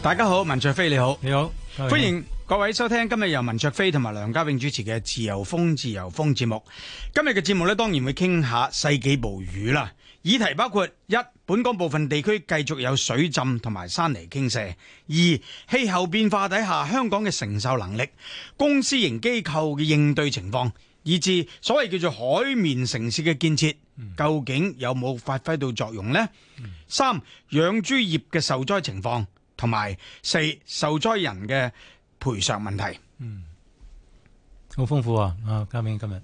大家好，文卓飛你好，你好，你好，歡迎各位收聽今日由文卓飛同埋梁家永主持嘅《自由風自由風》節目。今日嘅節目咧，當然會傾下世紀暴雨啦。議題包括一、本港部分地區繼續有水浸同埋山泥傾瀉；二、氣候變化底下香港嘅承受能力、公私營機構嘅應對情況，以至所謂叫做海綿城市嘅建設，究竟有冇發揮到作用咧？三、養豬業嘅受災情況。同埋四，受災人嘅賠償問題，嗯，好豐富啊！啊，嘉明今日，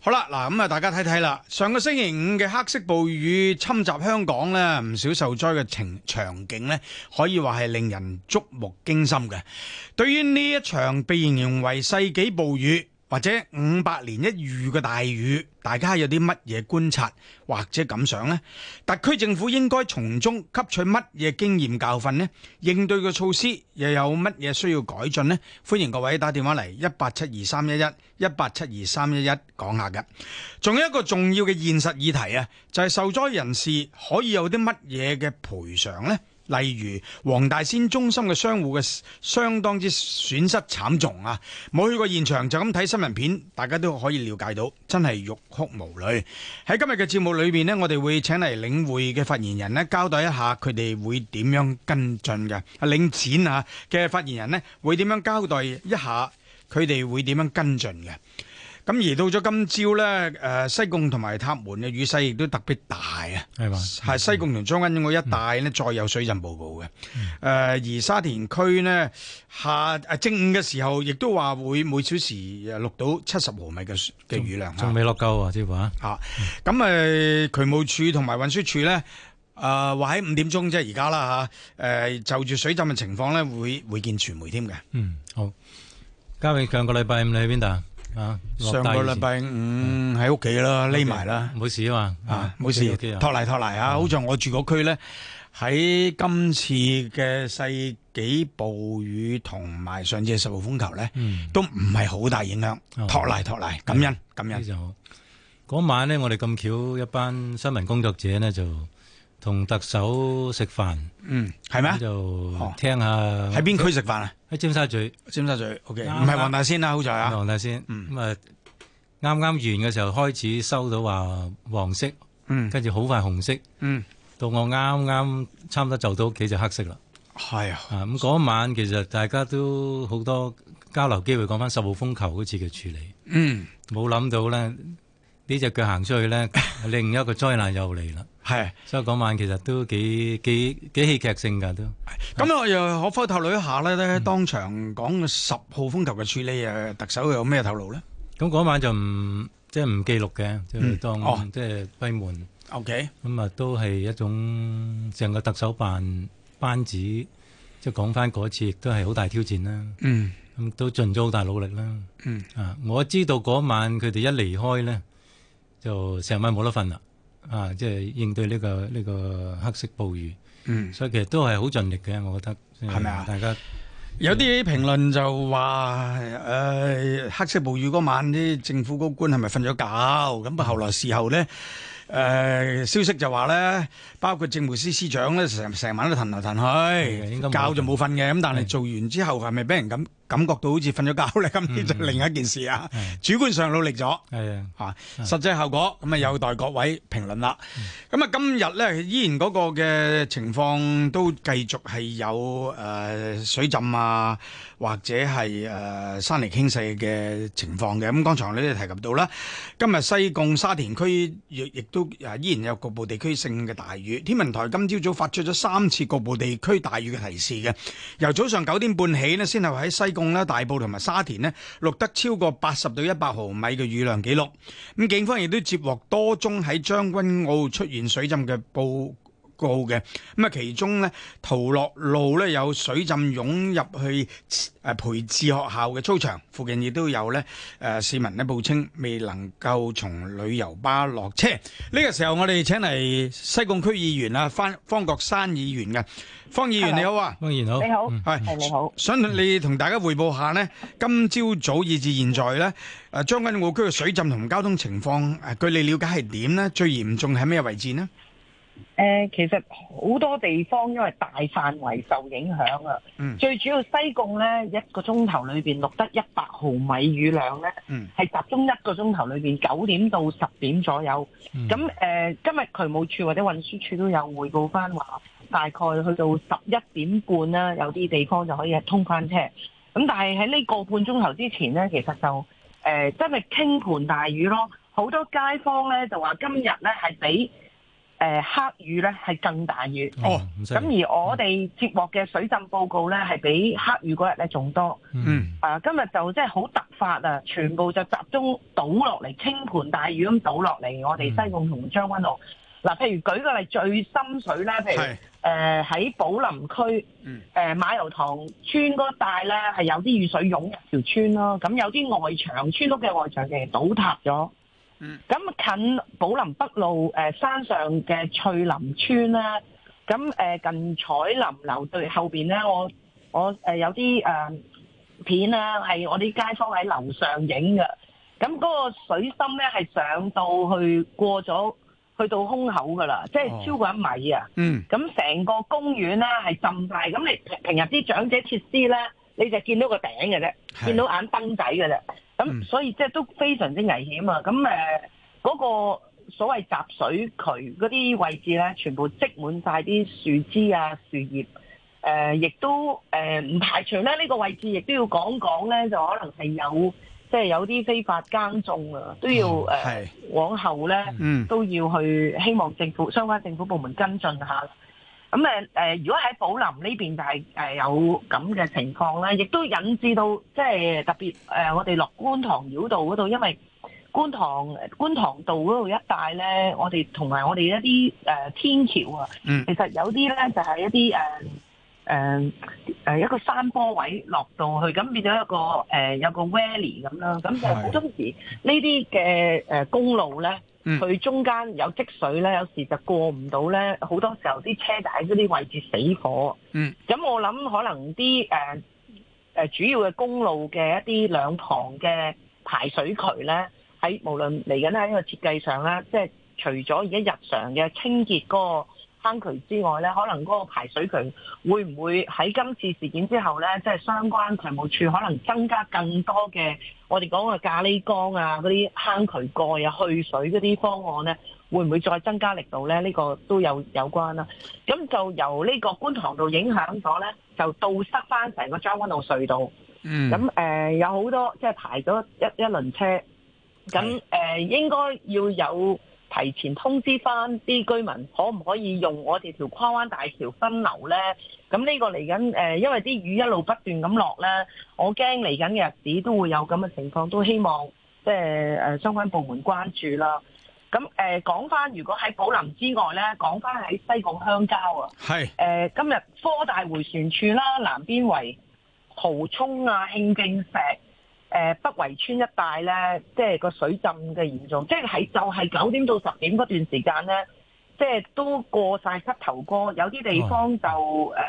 好啦，嗱咁啊，大家睇睇啦，上個星期五嘅黑色暴雨侵襲香港呢，唔少受災嘅情場景呢，可以話係令人觸目驚心嘅。對於呢一場被形容為世紀暴雨，或者五百年一遇嘅大雨，大家有啲乜嘢觀察或者感想呢？特區政府應該從中吸取乜嘢經驗教訓呢？應對嘅措施又有乜嘢需要改進呢？歡迎各位打電話嚟一八七二三一一一八七二三一一講下嘅。仲有一個重要嘅現實議題啊，就係受災人士可以有啲乜嘢嘅賠償呢？例如黃大仙中心嘅商戶嘅相當之損失慘重啊！冇去過現場，就咁睇新聞片，大家都可以了解到，真係欲哭無淚。喺今日嘅節目裏面咧，我哋會請嚟領匯嘅發言人咧，交代一下佢哋會點樣跟進嘅。啊，領展啊嘅發言人咧，會點樣交代一下佢哋會點樣跟進嘅。咁而到咗今朝咧，誒西貢同埋塔門嘅雨勢亦都特別大啊！係嘛嗎？係西貢同將軍澳一帶呢，再有水浸報告嘅。誒、嗯、而沙田區呢，下誒正午嘅時候，亦都話會每小時錄到七十毫米嘅嘅雨量，仲未落夠啊！即係話嚇。咁誒、啊，渠、嗯、務署同埋運輸署咧，誒話喺五點鐘即係而家啦嚇。誒、啊呃、就住水浸嘅情況咧，會會見傳媒添嘅。嗯，好。嘉榮，上個禮拜五你去邊度啊？啊！上個禮拜五喺屋企啦，匿埋啦，冇事啊嘛，啊冇事，託賴托賴啊！好像我住嗰區咧，喺今次嘅世紀暴雨同埋上次嘅十號風球咧，都唔係好大影響，託賴托賴，感恩感恩。就嗰晚咧，我哋咁巧一班新聞工作者咧就。同特首食飯，嗯，係咩？就聽下喺邊區食飯啊？喺尖沙咀，尖沙咀，O K，唔係黃大仙啦，好彩啊，黃大仙，咁啊，啱啱完嘅時候開始收到話黃色，嗯，跟住好快紅色，嗯，到我啱啱差唔多就到屋企就黑色啦，係啊，咁嗰晚其實大家都好多交流機會，講翻十號風球嗰次嘅處理，嗯，冇諗到咧呢隻腳行出去咧，另一個災難又嚟啦。係，所以嗰晚其實都幾幾幾戲劇性㗎，都。咁我又可否透露一下咧？咧當場講十號風球嘅處理，誒特首有咩透露咧？咁嗰晚就唔即係唔記錄嘅，即係當即係閉門。O K。咁啊，都係一種成個特首辦班子，即係講翻嗰次，亦都係好大挑戰啦。嗯。咁都盡咗好大努力啦。嗯。啊，我知道嗰晚佢哋一離開咧，就成晚冇得瞓啦。啊！即係應對呢、這個呢、呢個黑色暴雨，嗯，所以其實都係好盡力嘅，我覺得係咪啊？是是大家有啲評論就話誒、嗯呃、黑色暴雨嗰晚啲政府高官係咪瞓咗覺？咁啊、嗯、後來事後呢，誒、呃、消息就話呢，包括政務司司長咧成成晚都騰來騰去，應該沒覺就冇瞓嘅。咁的但係做完之後係咪俾人咁？感覺到好似瞓咗覺咧，今次就另一件事啊！嗯、 主觀上努力咗，係啊、嗯，實際效果咁啊，嗯、有待各位評論啦。咁啊、嗯，今日呢，依然嗰個嘅情況都繼續係有誒、呃、水浸啊，或者係誒、呃、山泥傾瀉嘅情況嘅。咁剛才你都提及到啦，今日西貢沙田區亦亦都依然有局部地區性嘅大雨。天文台今朝早發出咗三次局部地區大雨嘅提示嘅，由早上九點半起呢，先係喺西貢。大埔同埋沙田呢，錄得超過八十到一百毫米嘅雨量記錄。咁警方亦都接獲多宗喺將軍澳出現水浸嘅報告嘅咁啊，其中呢陶樂路呢有水浸湧入去誒培智學校嘅操場，附近亦都有呢誒、呃、市民呢報稱未能夠從旅遊巴落車。呢、呢個時候我哋請嚟西貢區議員啊方方國珊議員嘅方議員 Hello. 你好啊，方議員好，是你好，係你好，想你同大家匯報一下呢今朝早，早以至現在呢誒將軍澳區嘅水浸同交通情況誒、啊，據你了解係點呢，最嚴重喺咩位置呢？誒、呃，其實好多地方因為大範圍受影響啊，嗯、最主要西貢呢一個鐘頭裏邊錄得一百毫米雨量呢係、嗯、集中一個鐘頭裏邊九點到十點左右。咁誒、嗯呃，今日渠務處或者運輸處都有匯報翻話，大概去到十一點半啦，有啲地方就可以通翻車。咁但係喺呢個半鐘頭之前呢，其實就誒真係傾盆大雨咯，好多街坊呢就話今日呢係比。誒、呃、黑雨咧係更大雨，咁、哦、而我哋接獲嘅水浸報告咧係、嗯、比黑雨嗰日咧仲多。嗯，啊今日就即係好突發啊，全部就集中倒落嚟，傾盆大雨咁倒落嚟，我哋西貢同將軍澳。嗱、嗯啊，譬如舉個例，最深水咧，譬如誒喺是、呃、寶林區誒、呃、馬油塘村嗰帶咧，係有啲雨水湧入條村咯。咁有啲外牆村屋嘅外牆嘅倒塌咗。咁近寶林北路誒、呃、山上嘅翠林村啦、啊，咁誒、呃、近彩林樓對後邊咧，我我誒、呃、有啲誒、呃、片啦，係我啲街坊喺樓上影㗎。咁嗰個水深咧係上到去過咗，去到胸口噶啦，即係超過一米啊。哦、嗯，咁成個公園啦係浸晒，咁你平日啲長者設施咧，你就見到個頂嘅啫，是見到眼燈仔嘅啫咁、嗯、所以即係都非常之危險啊！咁誒嗰個所謂集水渠嗰啲位置咧，全部積滿晒啲樹枝啊、樹葉，誒、呃、亦都誒唔、呃、排除咧呢、呢個位置亦都要講講咧，就可能係有即係、就是、有啲非法耕種啊，都要誒、嗯呃、往後咧、嗯、都要去希望政府相關政府部門跟進下。咁誒，誒、嗯呃，如果喺寶林呢邊、就是，就係誒有咁嘅情況咧，亦都引致到即係、就是、特別誒、呃、我哋落觀塘繞道嗰度，因為觀塘觀塘道嗰度一帶咧，我哋同埋我哋一啲誒、呃、天橋啊，其實有啲咧就係、是、一啲誒誒誒一個山坡位落到去，咁變咗一個誒、呃、有個 valley 咁啦，咁就好多時呢啲嘅誒公路咧。佢、嗯、中間有積水呢，有時就過唔到呢，好多時候啲車仔喺嗰啲位置死火。嗯，咁我諗可能啲誒誒主要嘅公路嘅一啲兩旁嘅排水渠呢，喺無論嚟緊喺呢個設計上呢，即係除咗而家日常嘅清潔嗰、嗰個坑渠、嗯、之外咧，可能嗰個排水渠會唔會喺今次事件之後咧，即、就、係、是、相關渠務處可能增加更多嘅，我哋講嘅咖喱缸啊，嗰啲坑渠蓋啊、去水嗰啲方案咧，會唔會再增加力度咧？呢、這個都有有關啦。咁就由呢個觀塘道影響咗咧，就倒塞返成個將軍澳隧道。嗯。咁誒、呃、有好多即係排咗一一輪車。咁誒、呃、應該要有。提前通知翻啲居民，可唔可以用我哋條跨灣大橋分流呢？咁呢個嚟緊誒，因為啲雨一路不斷咁落呢，我驚嚟緊嘅日子都會有咁嘅情況，都希望即係誒相關部門關注啦。咁誒，講、呃、翻如果喺寶林之外呢，講翻喺西貢鄉郊啊，係是、呃、今日科大回旋處啦，南邊圍蠔涌啊、慶徑石。誒、呃、北圍村一帶咧，即係個水浸嘅嚴重，即係係就係、是、九點到十點嗰段時間咧，即係都過晒膝頭哥，有啲地方就誒，呃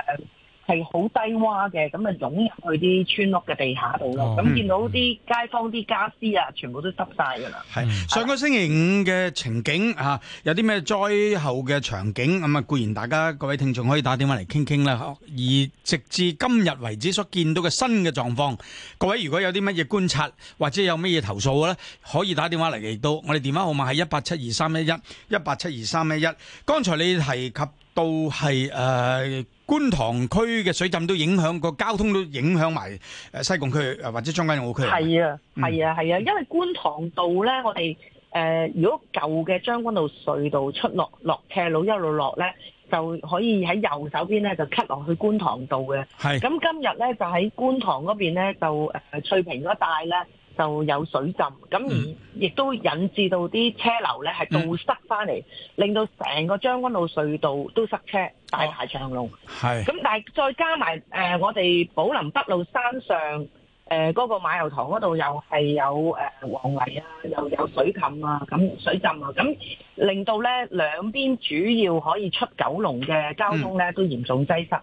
係好低窪嘅，咁啊，湧入去啲村屋嘅地下度咯。咁、哦、見到啲街坊啲家私啊，嗯、全部都濕晒噶啦。係是、嗯、上個星期五嘅情景啊，有啲咩災後嘅場景咁啊？固然大家各位聽眾可以打電話嚟傾傾啦。而直至今日為止所見到嘅新嘅狀況，各位如果有啲乜嘢觀察或者有乜嘢投訴嘅咧，可以打電話嚟嚟，到我哋電話號碼係一八七二三一一一八七二三一一。剛才你提及到係誒。呃觀塘區嘅水浸都影響個交通，都影響埋誒西貢區或者將軍澳區。係啊，係啊，係啊，因為觀塘道咧，我哋誒、呃、如果舊嘅將軍澳隧道出落落斜路一路落咧，就可以喺右手邊咧就 cut 落去觀塘道嘅。係是。咁今日咧就喺觀塘嗰邊咧就誒、呃、翠屏嗰帶咧。就有水浸，咁而亦都引致到啲車流呢係倒塞翻嚟，令到成個將軍澳隧道都塞車，大排長龍。係，咁但係再加埋誒，我哋寶林北路山上誒嗰個馬油塘嗰度又係有誒黃泥啊，又有水氹啊，咁水浸啊，咁令到呢兩邊主要可以出九龍嘅交通呢都嚴重擠塞。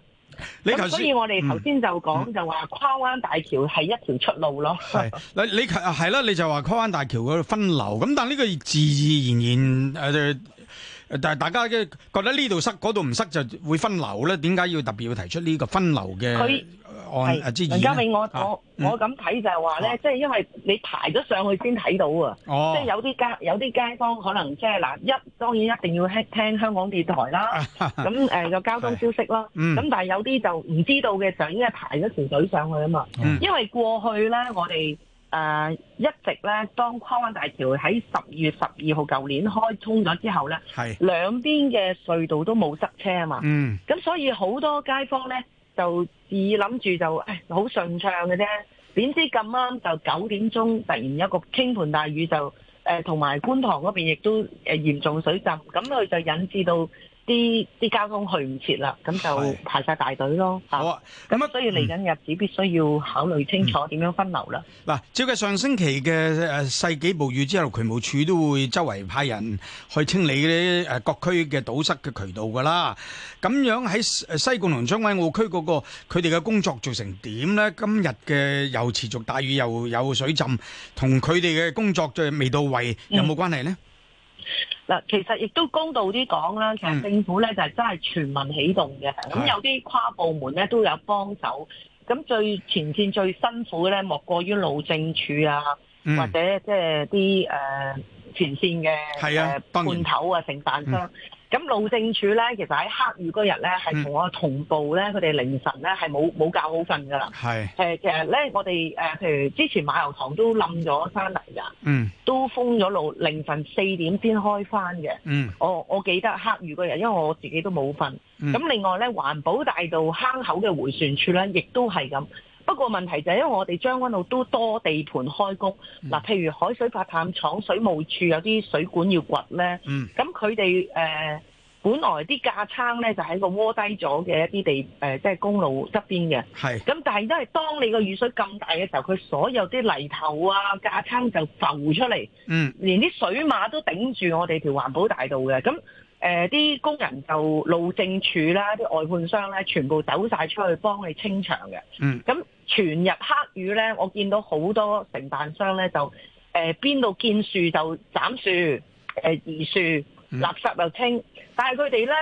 你所以我哋頭先就講就話跨灣大橋係一條出路咯。嗯嗯。你你係啦，你就話跨灣大橋嗰個分流，咁但係呢個自自然然但、呃呃、大家嘅覺得呢度塞，嗰度唔塞就會分流咧。點解要特別要提出呢個分流嘅？係，阿朱嘉我我我咁睇就係話咧，即係因為你排咗上去先睇到啊！即係有啲街有啲街坊可能即係嗱，一當然一定要聽香港電台啦，咁誒個交通消息啦，咁但係有啲就唔知道嘅，就應該排咗條隊上去啊嘛！因為過去咧，我哋誒一直咧，當跨灣大橋喺十二月十二號舊年開通咗之後咧，係兩邊嘅隧道都冇塞車啊嘛，咁所以好多街坊咧。就意諗住就誒好順暢嘅啫，點知咁啱就九點鐘突然一個傾盆大雨就誒，同埋觀塘嗰邊亦都誒嚴重水浸，咁佢就引致到。啲啲交通去唔切啦，咁就排晒大隊咯。好啊，咁啊，所以嚟緊日子必須要考慮清楚點、嗯、樣分流啦。嗱，照計上星期嘅世紀暴雨之後，渠務署都會周圍派人去清理啲誒各區嘅堵塞嘅渠道噶啦。咁樣喺西貢同將軍澳區嗰、那個佢哋嘅工作做成點咧？今日嘅又持續大雨又有水浸，同佢哋嘅工作就未到位有冇關係呢？嗯嗱，其實亦都公道啲講啦，其實政府咧就係真係全民起動嘅，咁有啲跨部門咧都有幫手，咁最前線最辛苦咧，莫過於路政處啊，嗯、或者即係啲誒前線嘅誒判頭啊，承辦商。嗯咁路政署咧，其實喺黑雨嗰日咧，係同、嗯、我同步咧，佢哋凌晨咧係冇冇教好瞓噶啦。是其實咧，我哋誒、呃，譬如之前馬油塘都冧咗返嚟噶，嗯，都封咗路，凌晨四點先開翻嘅。嗯，我我記得黑雨嗰日，因為我自己都冇瞓。咁、嗯、另外咧，環保大道坑口嘅回旋處咧，亦都係咁。不過問題就係因為我哋將軍澳都多地盤開工，嗱，譬如海水化淡廠、水務處有啲水管要掘咧，咁佢哋誒本來啲架撐咧就喺個窩低咗嘅一啲地誒，即係公路側邊嘅，咁是但係因為當你個雨水咁大嘅時候，佢所有啲泥頭啊架撐就浮出嚟，嗯、連啲水馬都頂住我哋條環保大道嘅，咁、嗯。誒啲、呃、工人就路政署啦，啲外判商咧全部走晒出去幫你清場嘅。嗯，咁全日黑雨咧，我見到好多承辦商咧就誒邊度見樹就斬樹，誒、呃、移樹，嗯、垃圾又清。但係佢哋咧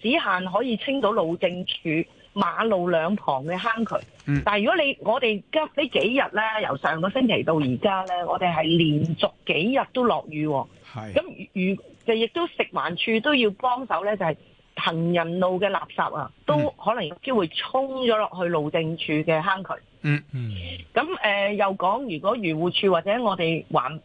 只限可以清到路政署馬路兩旁嘅坑渠。嗯、但係如果你我哋急呢幾日咧，由上個星期到而家咧，我哋係連續幾日都落雨喎、哦。咁是如。如就亦都食環處都要幫手呢，就係、是、行人路嘅垃圾啊，都可能有機會沖咗落去路政處嘅坑渠。嗯嗯。咁、 呃、又講，如果漁護處或者我哋環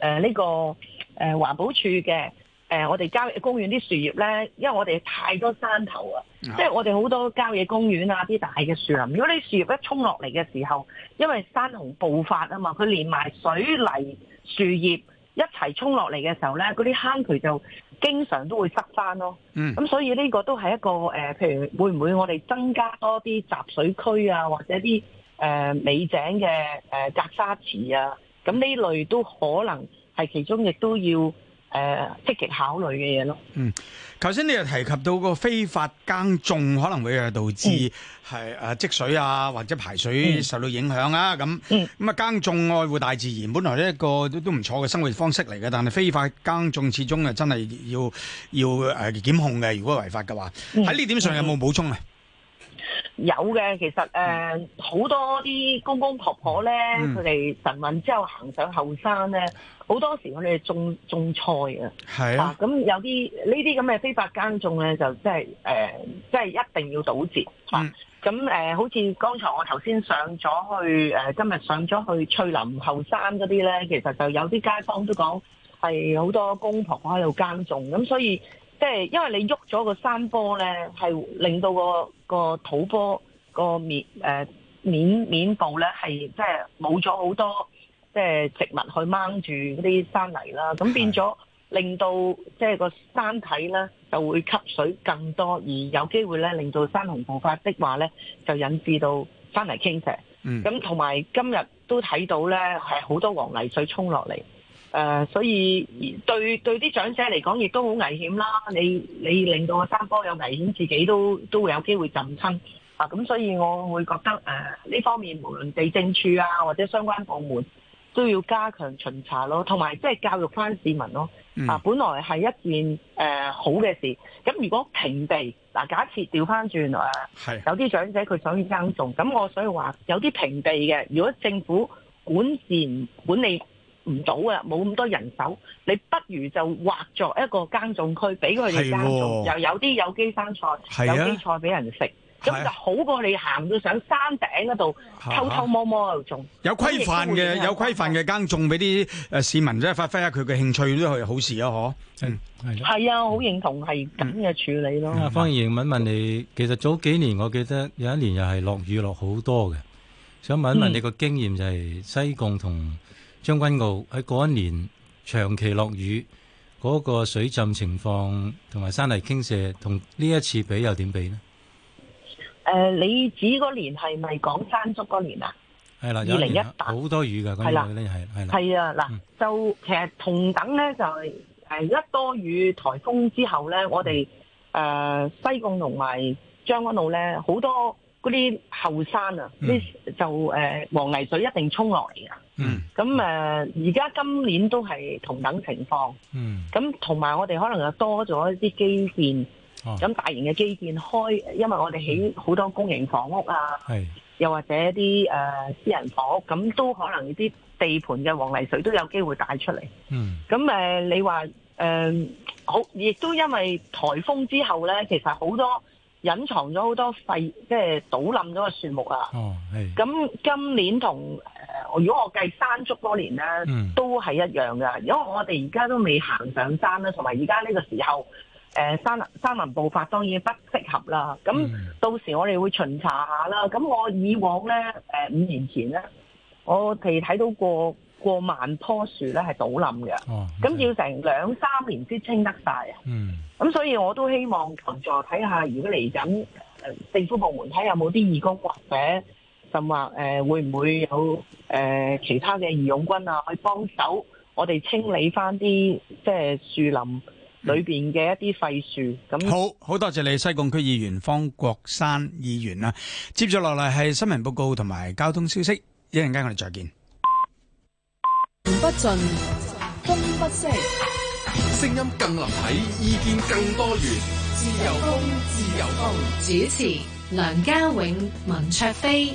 誒呢個誒環、呃、保處嘅、呃、我哋郊野公園啲樹葉呢，因為我哋太多山頭 多啊，即係我哋好多郊野公園啊啲大嘅樹林，如果啲樹葉一沖落嚟嘅時候，因為山洪暴發啊嘛，佢連埋水泥樹葉，一齊沖落嚟嘅時候呢，嗰啲坑渠就經常都會塞翻咯。嗯，咁所以呢個都係一個、呃、譬如會唔會我哋增加多啲集水區啊，或者啲誒尾井嘅、呃、隔沙池啊，咁呢類都可能係其中亦都要。誒、啊、積極考慮嘅嘢咯。嗯，頭先你又提及到個非法耕種可能會導致係、嗯啊、積水啊，或者排水受到影響啊咁。咁啊、嗯、耕種愛護大自然，本來一個都都唔錯嘅生活方式嚟嘅，但係非法耕種始終係真係要要誒、呃、檢控嘅。如果違法嘅話，喺呢、嗯、點上有冇補充啊？嗯嗯有嘅，其實誒好、呃、多啲公公婆婆咧，佢哋晨運之後行上後山咧，好多時佢哋種種菜啊。係啊，咁有啲呢啲咁嘅非法耕種咧，就即係誒，係、呃即係、一定要堵截。咁、嗯啊呃、好似剛才我頭先上咗去、呃、今日上咗去翠林後山嗰啲咧，其實就有啲街坊都講係好多公公婆婆喺度耕種，咁所以。即係因為你喐咗個山坡咧，係令到、那個個土坡個面誒、呃、面面部咧係即係冇咗好多即係植物去掹住嗰啲山泥啦，咁變咗令到即係個山體咧就會吸水更多，而有機會咧令到山洪暴發的話咧，就引致到山泥傾瀉。嗯，咁同埋今日都睇到咧係好多黃泥水沖落嚟。誒、呃，所以對對啲長者嚟講，亦都好危險啦。你你令到個山坡有危險，自己都都會有機會浸親啊。咁所以我會覺得誒呢、呃、方面，無論地政處啊或者相關部門都要加強巡查咯，同埋即係教育翻市民咯。啊，本來係一件誒、呃、好嘅事。咁如果平地嗱、啊，假設調翻轉啊，有啲長者佢想要耕種，咁我所以話有啲平地嘅，如果政府管治唔管理唔到啊！冇咁多人手，你不如就劃作一個耕種區，俾佢哋耕種，又有啲有機生菜、有機菜俾人食，咁就好過你行到上山頂嗰度偷偷摸摸喺度種。有規範嘅，有規範嘅耕種俾啲誒市民，即係發揮下佢嘅興趣都係好事啊！嗬，係係啊，好認同係咁嘅處理咯。方怡，問問你，其實早幾年我記得有一年又係落雨落好多嘅，想問一問你個經驗就係西貢同。將軍澳喺嗰一年長期落雨嗰個水浸情況同埋山泥傾瀉，同呢一次比又點比咧？誒，你指嗰年係咪講山竹嗰年啊？係啦，二零一八好多雨㗎，嗰年嗰啲係係啊，嗱，就其實同等咧就係誒一多雨颱風之後咧，我哋誒西貢同埋將軍澳咧好多。嗰啲後山啊，啲、嗯、就誒黃、呃、泥水一定沖落嚟噶。嗯，咁誒而家今年都係同等情況。嗯，咁同埋我哋可能又多咗啲基建，咁、哦、大型嘅基建開，因為我哋起好多公營房屋啊，嗯、又或者啲誒、呃、私人房屋，咁都可能啲地盤嘅黃泥水都有機會帶出嚟。嗯，咁、呃、你話誒好，亦都因為颱風之後咧，其實好多。隱藏咗好多廢，即係倒冧咗個樹木啊！哦，係。咁今年同誒、呃，如果我計山竹嗰年咧，嗯、都係一樣噶。因為我哋而家都未行上山啦、啊，同埋而家呢個時候，誒、呃、山，山林山林暴發當然不適合啦。咁到時我哋會巡查一下啦。咁我以往咧，誒、呃、五年前咧，我哋睇到過。過萬棵樹咧係倒冧嘅，咁、哦、要成兩三年先清得晒。啊、嗯！咁、嗯、所以我都希望求助睇下，如果嚟緊，政府部門睇下有冇啲義工，或者甚至話誒、呃、會唔會有誒、呃、其他嘅義勇軍啊，去幫手我哋清理翻啲即係樹林裏邊嘅一啲廢樹。咁好好多謝你，西貢區議員方國珊議員啦。接住落嚟係新聞報告同埋交通消息，一陣間我哋再見。言不盡，風不息，聲音更立體，意見更多元。自由風，自由風。主持：梁家永、文卓飛。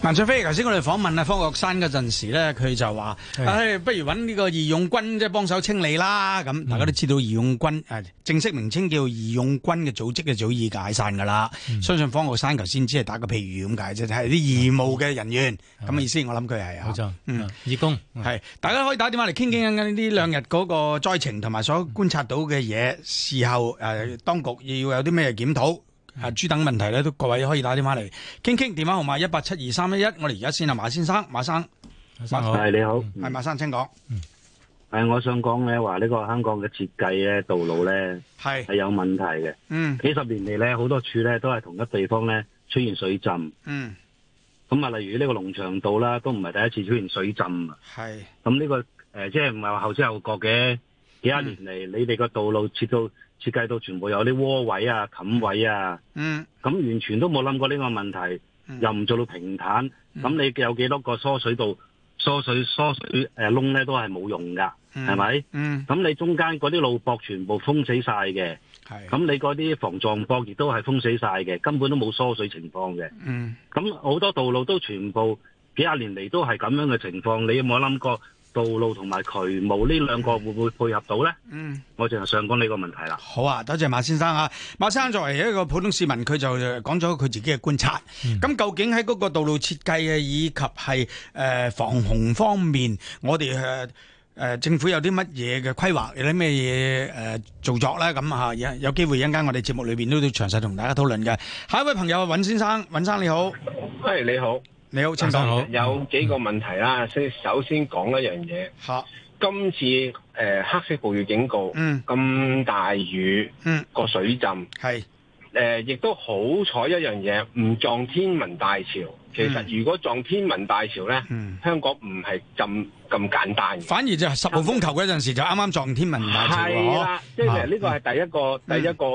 萬卓飛，頭先我哋訪問方的的啊方國珊嗰陣時咧，佢就話，唉，不如揾呢個義勇軍即係幫手清理啦。咁大家都知道義勇軍，誒、嗯，正式名稱叫義勇軍嘅組織嘅早已解散噶啦。嗯、相信方國珊頭先只係打個譬如咁解啫，係、就、啲、是、義務嘅人員。咁、嗯、意思我想他是，我諗佢係啊。冇錯，嗯，義工係，大家可以打電話嚟傾傾緊。呢兩日嗰個災情同埋所觀察到嘅嘢，事後誒、呃，當局要有啲咩檢討？啊，諸等問題咧，都各位可以打電話嚟傾傾。電話號碼一八七二三一一。1, 我哋而家先啊，馬先生，馬生，馬生，係好你好，係馬生，請講。誒、嗯啊，我想講咧，話呢個香港嘅設計咧，道路咧係係有問題嘅。嗯，幾十年嚟咧，好多處咧都係同一地方咧出現水浸。嗯，咁啊，例如呢個龍翔道啦，都唔係第一次出現水浸啊。係是，咁呢、這個誒、呃，即係唔係話後知後覺嘅，幾廿年嚟，你哋個道路設到，設計到全部有啲窩位啊、冚位啊，咁、嗯、完全都冇諗過呢個問題，嗯、又唔做到平坦，咁、嗯、你有幾多個疏水道、疏水疏水誒窿咧，都係冇用噶，係咪？咁你中間嗰啲路駁全部封死曬嘅，咁的你嗰啲防撞駁亦都係封死曬嘅，根本都冇疏水情況嘅。咁好、嗯、多道路都全部幾廿年嚟都係咁樣嘅情況，你有冇諗過？道路同埋渠務呢兩個會唔會配合到咧？嗯，我淨係想講呢個問題啦。好啊，多謝馬先生啊。馬先生作為一個普通市民，佢就講咗佢自己嘅觀察。咁、嗯、究竟喺嗰個道路設計啊，以及係誒、呃、防洪方面，我哋誒誒政府有啲乜嘢嘅規劃，有啲咩嘢誒做作咧？咁吓，有有機會一陣間我哋節目裏邊都要詳細同大家討論嘅。下一位朋友尹先生，尹生你好。喂，你好。Hey, 你好你好，陳生好。有幾個問題啦，先首先講一樣嘢。吓，今次誒黑色暴雨警告，嗯，咁大雨，嗯，個水浸係，誒，亦都好彩一樣嘢，唔撞天文大潮。其實如果撞天文大潮咧，香港唔係咁咁簡單嘅。反而就十號風球嗰陣時就啱啱撞天文大潮喎。係啦，即係其實呢個係第一個第一個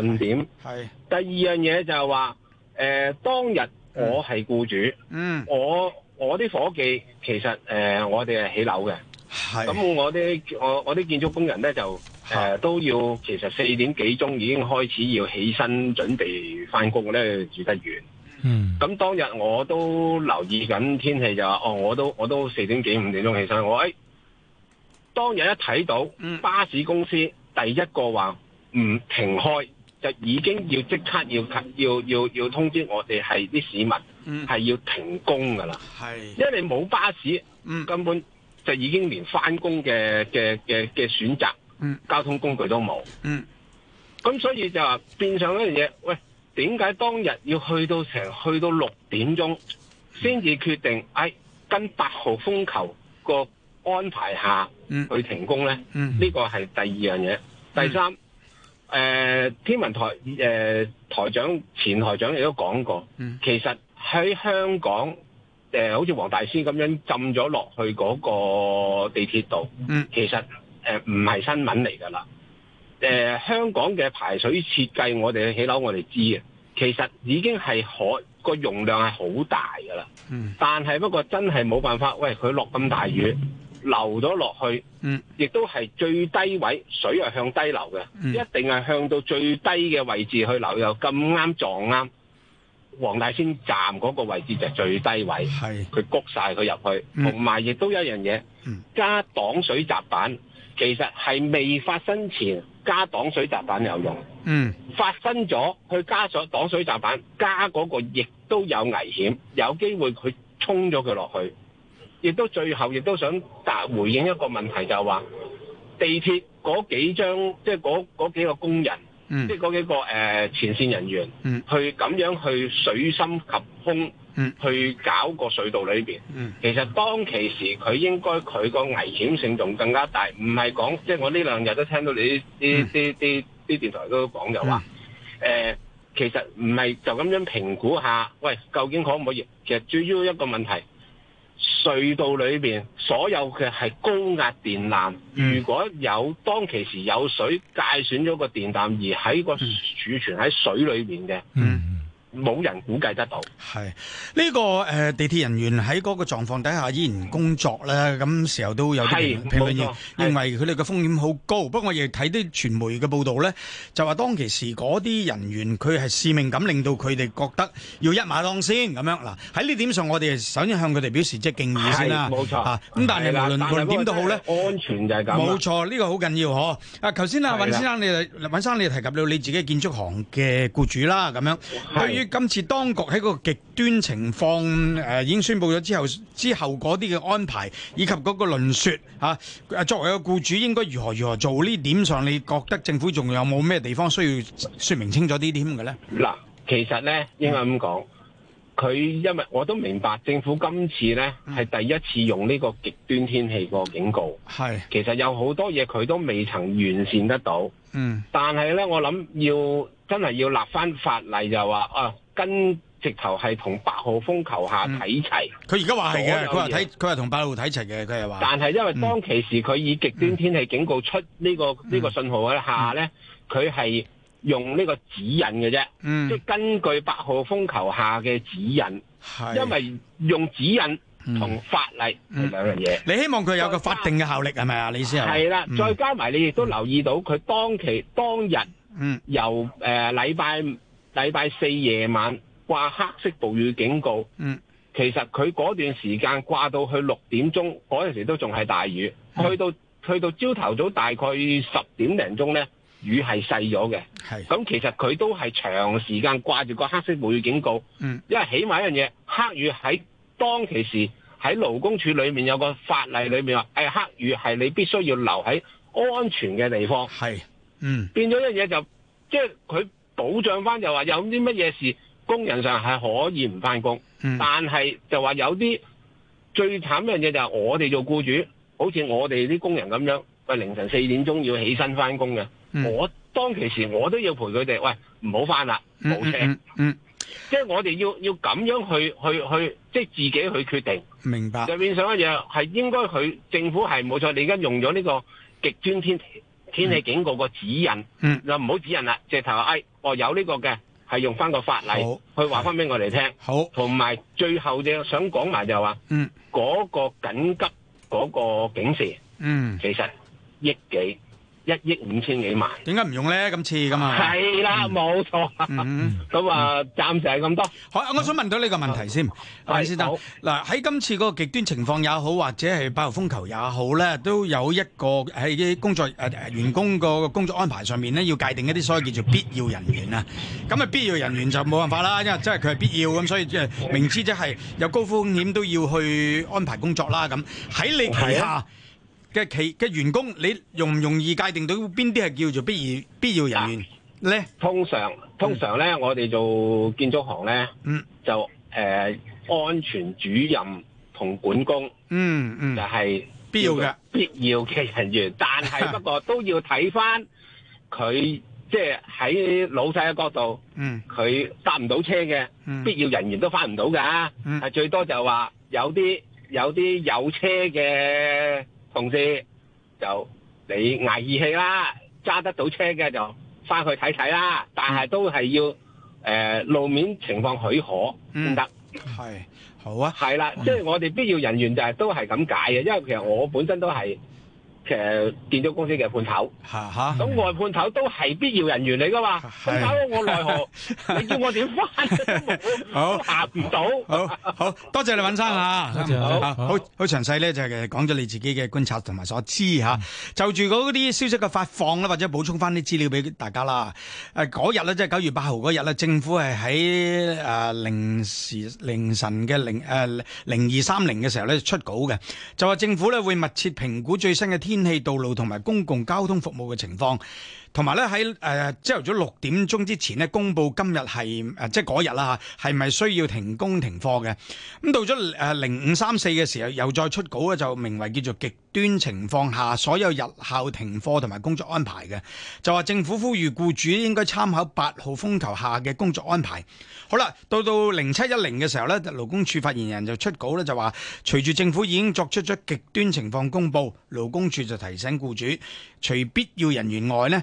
論點。係。第二樣嘢就係話，誒當日。嗯、我係僱主，嗯，我我啲伙計其實誒、呃，我哋係起樓嘅，咁是我啲我我啲建築工人咧就誒哈、呃、都要，其實四點幾鐘已經開始要起身準備翻工咧，住得遠。嗯。咁當日我都留意緊天氣就話，哦，我都我都四點幾五點鐘起身，我誒、哎、當日一睇到、嗯、巴士公司第一個話唔停開。就已經要即刻要要要，要通知我哋係啲市民，係要停工噶啦。係、嗯，因為你冇巴士，嗯、根本就已經連返工嘅嘅嘅嘅選擇、嗯、交通工具都冇。嗯，咁所以就變相一樣嘢喂，點解當日要去到成去到六點鐘先至決定？哎，跟八號風球個安排下去停工咧、嗯。嗯，呢個係第二樣嘢。第三。嗯，第三誒、呃、天文台誒、呃、台長前台長亦都講過，嗯、其實喺香港誒、呃，好似黃大仙咁樣浸咗落去嗰個地鐵度，嗯、其實誒唔係新聞嚟㗎啦。誒、呃、香港嘅排水設計，樓我哋起樓我哋知啊，其實已經係可個容量係好大㗎啦。嗯、但係不過真係冇辦法，喂佢落咁大雨。流咗落去，亦都係最低位，水係向低流嘅，一定係向到最低嘅位置去流。又咁啱撞啱黃大仙站嗰個位置就係最低位，係佢谷晒佢入去。同埋亦都有一樣嘢，加擋水閘板其實係未發生前加擋水閘板有用，嗯、發生咗佢加咗擋水閘板加嗰個亦都有危險，有機會佢沖咗佢落去。亦都最後亦都想答回應一個問題就，就係話地鐵嗰幾張即係嗰嗰幾個工人，即係嗰幾個、呃、前線人員，嗯、去咁樣去水深及胸，嗯、去搞個隧道裏邊。嗯、其實當其時佢應該佢個危險性仲更加大，唔係講即係我呢兩日都聽到你啲啲啲啲啲電台都講就話誒、嗯呃，其實唔係就咁樣評估一下，喂，究竟可唔可以？其實最主要一個問題。隧道裏邊所有嘅係高壓電纜，如果有當其時有水界損咗個電纜，而喺個儲存喺水裏面嘅嗯冇人估計得到。係呢個誒地鐵人員喺嗰個狀況底下依然工作咧，咁時候都有啲評論認為佢哋嘅風險好高。不過我亦睇啲傳媒嘅報道咧，就話當其時嗰啲人員佢係使命感令到佢哋覺得要一馬當先咁樣。嗱喺呢點上，我哋首先向佢哋表示即係敬意先啦。冇錯啊！咁但係無論無論點都好咧，安全就係咁。冇錯，呢個好緊要呵。啊，頭先啊，尹先生，你啊，尹生你提及到你自己建築行嘅僱主啦，咁樣。今次當局喺個極端情況誒、呃、已經宣布咗之後，之後嗰啲嘅安排以及嗰個論說嚇，作為個僱主應該如何如何做呢點上，你覺得政府仲有冇咩地方需要説明清楚啲點嘅咧？嗱，其實咧應該咁講，佢、嗯、因為我都明白政府今次咧係第一次用呢個極端天氣個警告，係是其實有好多嘢佢都未曾完善得到，嗯，但係咧我諗要。真係要立翻法例，就話啊，跟直頭係同八號風球下睇齊。佢而家話係嘅，佢係睇，佢係同八號睇齊嘅，佢係話。但係因為當其時佢以極端天氣警告出呢個呢個信號喺下咧，佢係用呢個指引嘅啫，即係根據八號風球下嘅指引。係因為用指引同法例係兩樣嘢。你希望佢有個法定嘅效力係咪啊？你意思係？係啦，再加埋你亦都留意到，佢當期當日。嗯，由誒禮拜禮拜四夜晚掛黑色暴雨警告，嗯，其實佢嗰段時間掛到去六點鐘嗰陣時都仲係大雨，嗯、去到去到朝頭早大概十點零鐘咧，雨係細咗嘅，係是，咁其實佢都係長時間掛住個黑色暴雨警告，嗯，因為起碼一樣嘢，黑雨喺當其時喺勞工署裏面有個法例裏面話，誒、哎、黑雨係你必須要留喺安全嘅地方，係。嗯，變咗一樣嘢，就，即係佢保障翻，就話有啲乜嘢事，工人上係可以唔翻工。嗯、但係就話有啲最慘一樣嘢就係我哋做僱主，好似我哋啲工人咁樣，喂、呃，凌晨四點鐘要起身翻工嘅。嗯、我當其時我都要陪佢哋，喂，唔好翻啦。冇車，嗯。嗯，嗯即係我哋要要咁樣去去去，即係自己去決定。明白。上面上一樣係應該佢政府係冇錯，你而家用咗呢個極端天天氣、嗯、警告個指引，嗯、就唔好指引啦，直頭話誒，哦、哎、有呢個嘅，係用翻個法例去話翻俾我哋聽，好，同埋最後嘅想講埋就話，嗯，嗰個緊急嗰個警示，嗯，其實億幾。一億五千幾萬，點解唔用咧？今次咁啊？係啦的，冇、嗯、錯。咁啊，暫時係咁多。好，我想問到呢個問題先，係先生。嗱託，喺今次嗰個極端情況也好，或者係八號風球也好咧，都有一個喺啲工作誒員工個工作安排上面咧，要界定一啲所謂叫做必要人員啊。咁啊，必要人員就冇辦法啦，因為即係佢係必要咁，所以即係明知即係有高風險都要去安排工作啦。咁喺你旗下。嘅企嘅員工，你容唔容易界定到邊啲係叫做必要必要人員咧？通常通常咧，嗯、我哋做建築行咧，嗯、就誒、呃、安全主任同管工，嗯嗯，嗯就係必要嘅必要嘅人員。但係不過都要睇翻佢，即係喺老細嘅角度，嗯，佢搭唔到車嘅、嗯、必要人員都翻唔到㗎，嗯、最多就話有啲有啲有車嘅。同事就你捱義氣啦，揸得到車嘅就翻去睇睇啦，但係都係要誒路、呃、面情況許可唔得？係、嗯、好啊，係啦，嗯、即係我哋必要人員就係、是、都係咁解嘅，因為其實我本身都係。其實建築公司嘅判頭，咁哈外判頭都係必要人員嚟噶嘛？點解哈我奈何？ 你叫我點翻都好都答唔到。好好，好多謝你，尹生嚇，好好好詳細咧，就係講咗你自己嘅觀察同埋所知、嗯、就住嗰啲消息嘅發放啦，或者補充翻啲資料俾大家啦。誒嗰日咧，即係九月八號嗰日咧，政府係喺誒零時凌晨嘅零誒零二三零嘅時候咧出稿嘅，就話政府咧會密切評估最新嘅天。天氣、道路同埋公共交通服務嘅情況。同埋咧，喺誒朝頭早六點鐘之前呢，公佈今日係，即係嗰日啦吓，係咪需要停工停課嘅？咁到咗誒零五三四嘅時候，又再出稿咧，就名為叫做極端情況下所有日校停課同埋工作安排嘅，就話政府呼籲僱主應該參考八號風球下嘅工作安排。好啦，到到零七一零嘅時候呢，勞工處發言人就出稿咧，就話隨住政府已經作出咗極端情況公佈，勞工處就提醒僱主，除必要人員外呢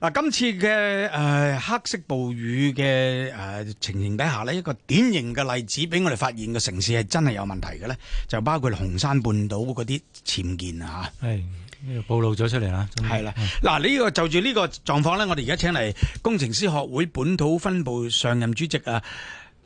嗱，今次嘅誒、呃、黑色暴雨嘅誒、呃、情形底下呢，一個典型嘅例子俾我哋發現嘅城市係真係有問題嘅咧，就包括紅山半島嗰啲僭建啊嚇，係暴露咗出嚟啦，係啦。嗱、嗯，呢、這個就住呢個狀況呢，我哋而家請嚟工程師學會土木分部上任主席啊，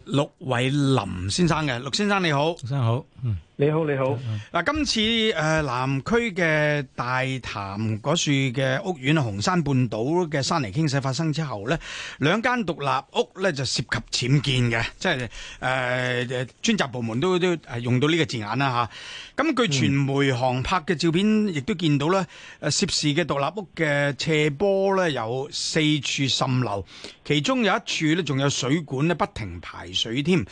陸偉霖先生嘅，陸先生你好，先生好，嗯。你好，你好。嗱、嗯嗯啊，今次誒、呃、南區嘅大潭嗰處嘅屋苑紅山半島嘅山泥傾瀉發生之後呢，兩間獨立屋咧就涉及僭建嘅，即係誒誒專責部門都都用到呢個字眼啦嚇。咁、啊、據傳媒航拍嘅照片，亦都見到咧、嗯啊，涉事嘅獨立屋嘅斜坡咧有四處滲漏，其中有一處咧仲有水管咧不停排水添。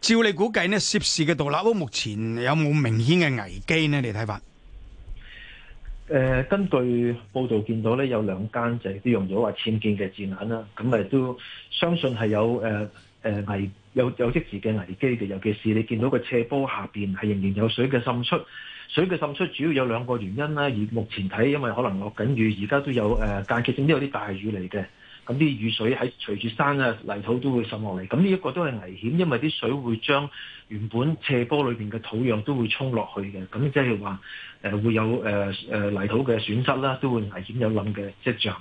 照你估計咧，涉事嘅獨立屋目前有冇明顯嘅危機呢？你睇法？誒、呃，根據報道見到咧，有兩間就都用咗話僭建嘅字眼啦，咁誒都相信係有誒誒、呃、危有有即時嘅危機嘅，尤其是你見到個斜坡下邊係仍然有水嘅滲出，水嘅滲出主要有兩個原因啦，而目前睇，因為可能落緊雨，而家都有誒間歇性都有啲大雨嚟嘅。咁啲雨水喺隨住山啊泥土都會滲落嚟，咁呢一個都係危險，因為啲水會將原本斜坡裏面嘅土壤都會沖落去嘅，咁即係話會有、呃、泥土嘅損失啦，都會危險有冧嘅跡象。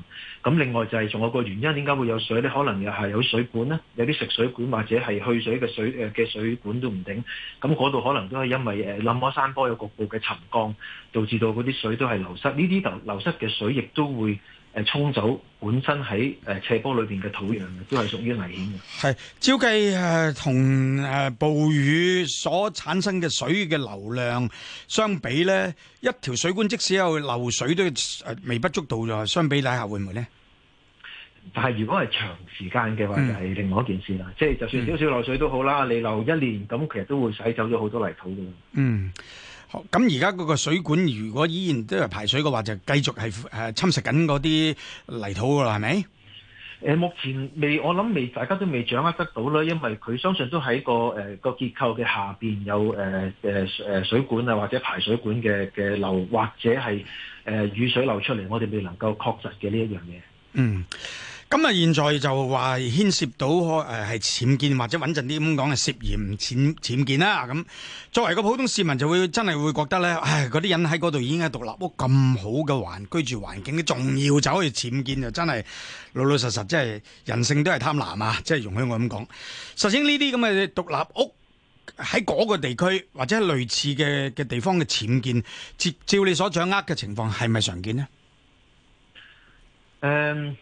咁、就是、另外就係仲有個原因，點解會有水呢？可能又係有水管啦，有啲食水管或者係去水嘅水嘅、呃、水管都唔定。咁嗰度可能都係因為誒冧咗山坡有局部嘅沉降，導致到嗰啲水都係流失。呢啲流流失嘅水亦都會。係、呃、沖走本身喺誒、呃、斜坡裏邊嘅土壤，都係屬於危險嘅。係，照計誒同誒暴雨所產生嘅水嘅流量相比咧，一條水管即使有漏水都誒微不足道，相比底下會唔會呢？但係如果係長時間嘅話，就係另外一件事啦。嗯、即係就算少少漏水都好啦，你流一年咁，其實都會洗走咗好多泥土嘅。嗯。咁而家嗰個水管如果依然都係排水嘅話，就繼續係誒侵蝕緊嗰啲泥土噶啦，係咪？誒，目前未，我諗未，大家都未掌握得到啦，因為佢相信都喺個誒個結構嘅下邊有誒誒誒水管啊，或者排水管嘅嘅流，或者係誒雨水流出嚟，我哋未能夠確實嘅呢一樣嘢。嗯。咁啊！現在就話牽涉到誒，係、呃、僭建或者穩陣啲咁講，係涉嫌僭僭建啦。咁作為個普通市民，就會真係會覺得咧，唉，嗰啲人喺嗰度已經係獨立屋咁好嘅環居住環境，仲要走去僭建，就真係老老實實，即係人性都係貪婪啊！即係容許我咁講。首先呢啲咁嘅獨立屋喺嗰個地區或者類似嘅嘅地方嘅僭建，照照你所掌握嘅情況，係咪常見呢？誒。嗯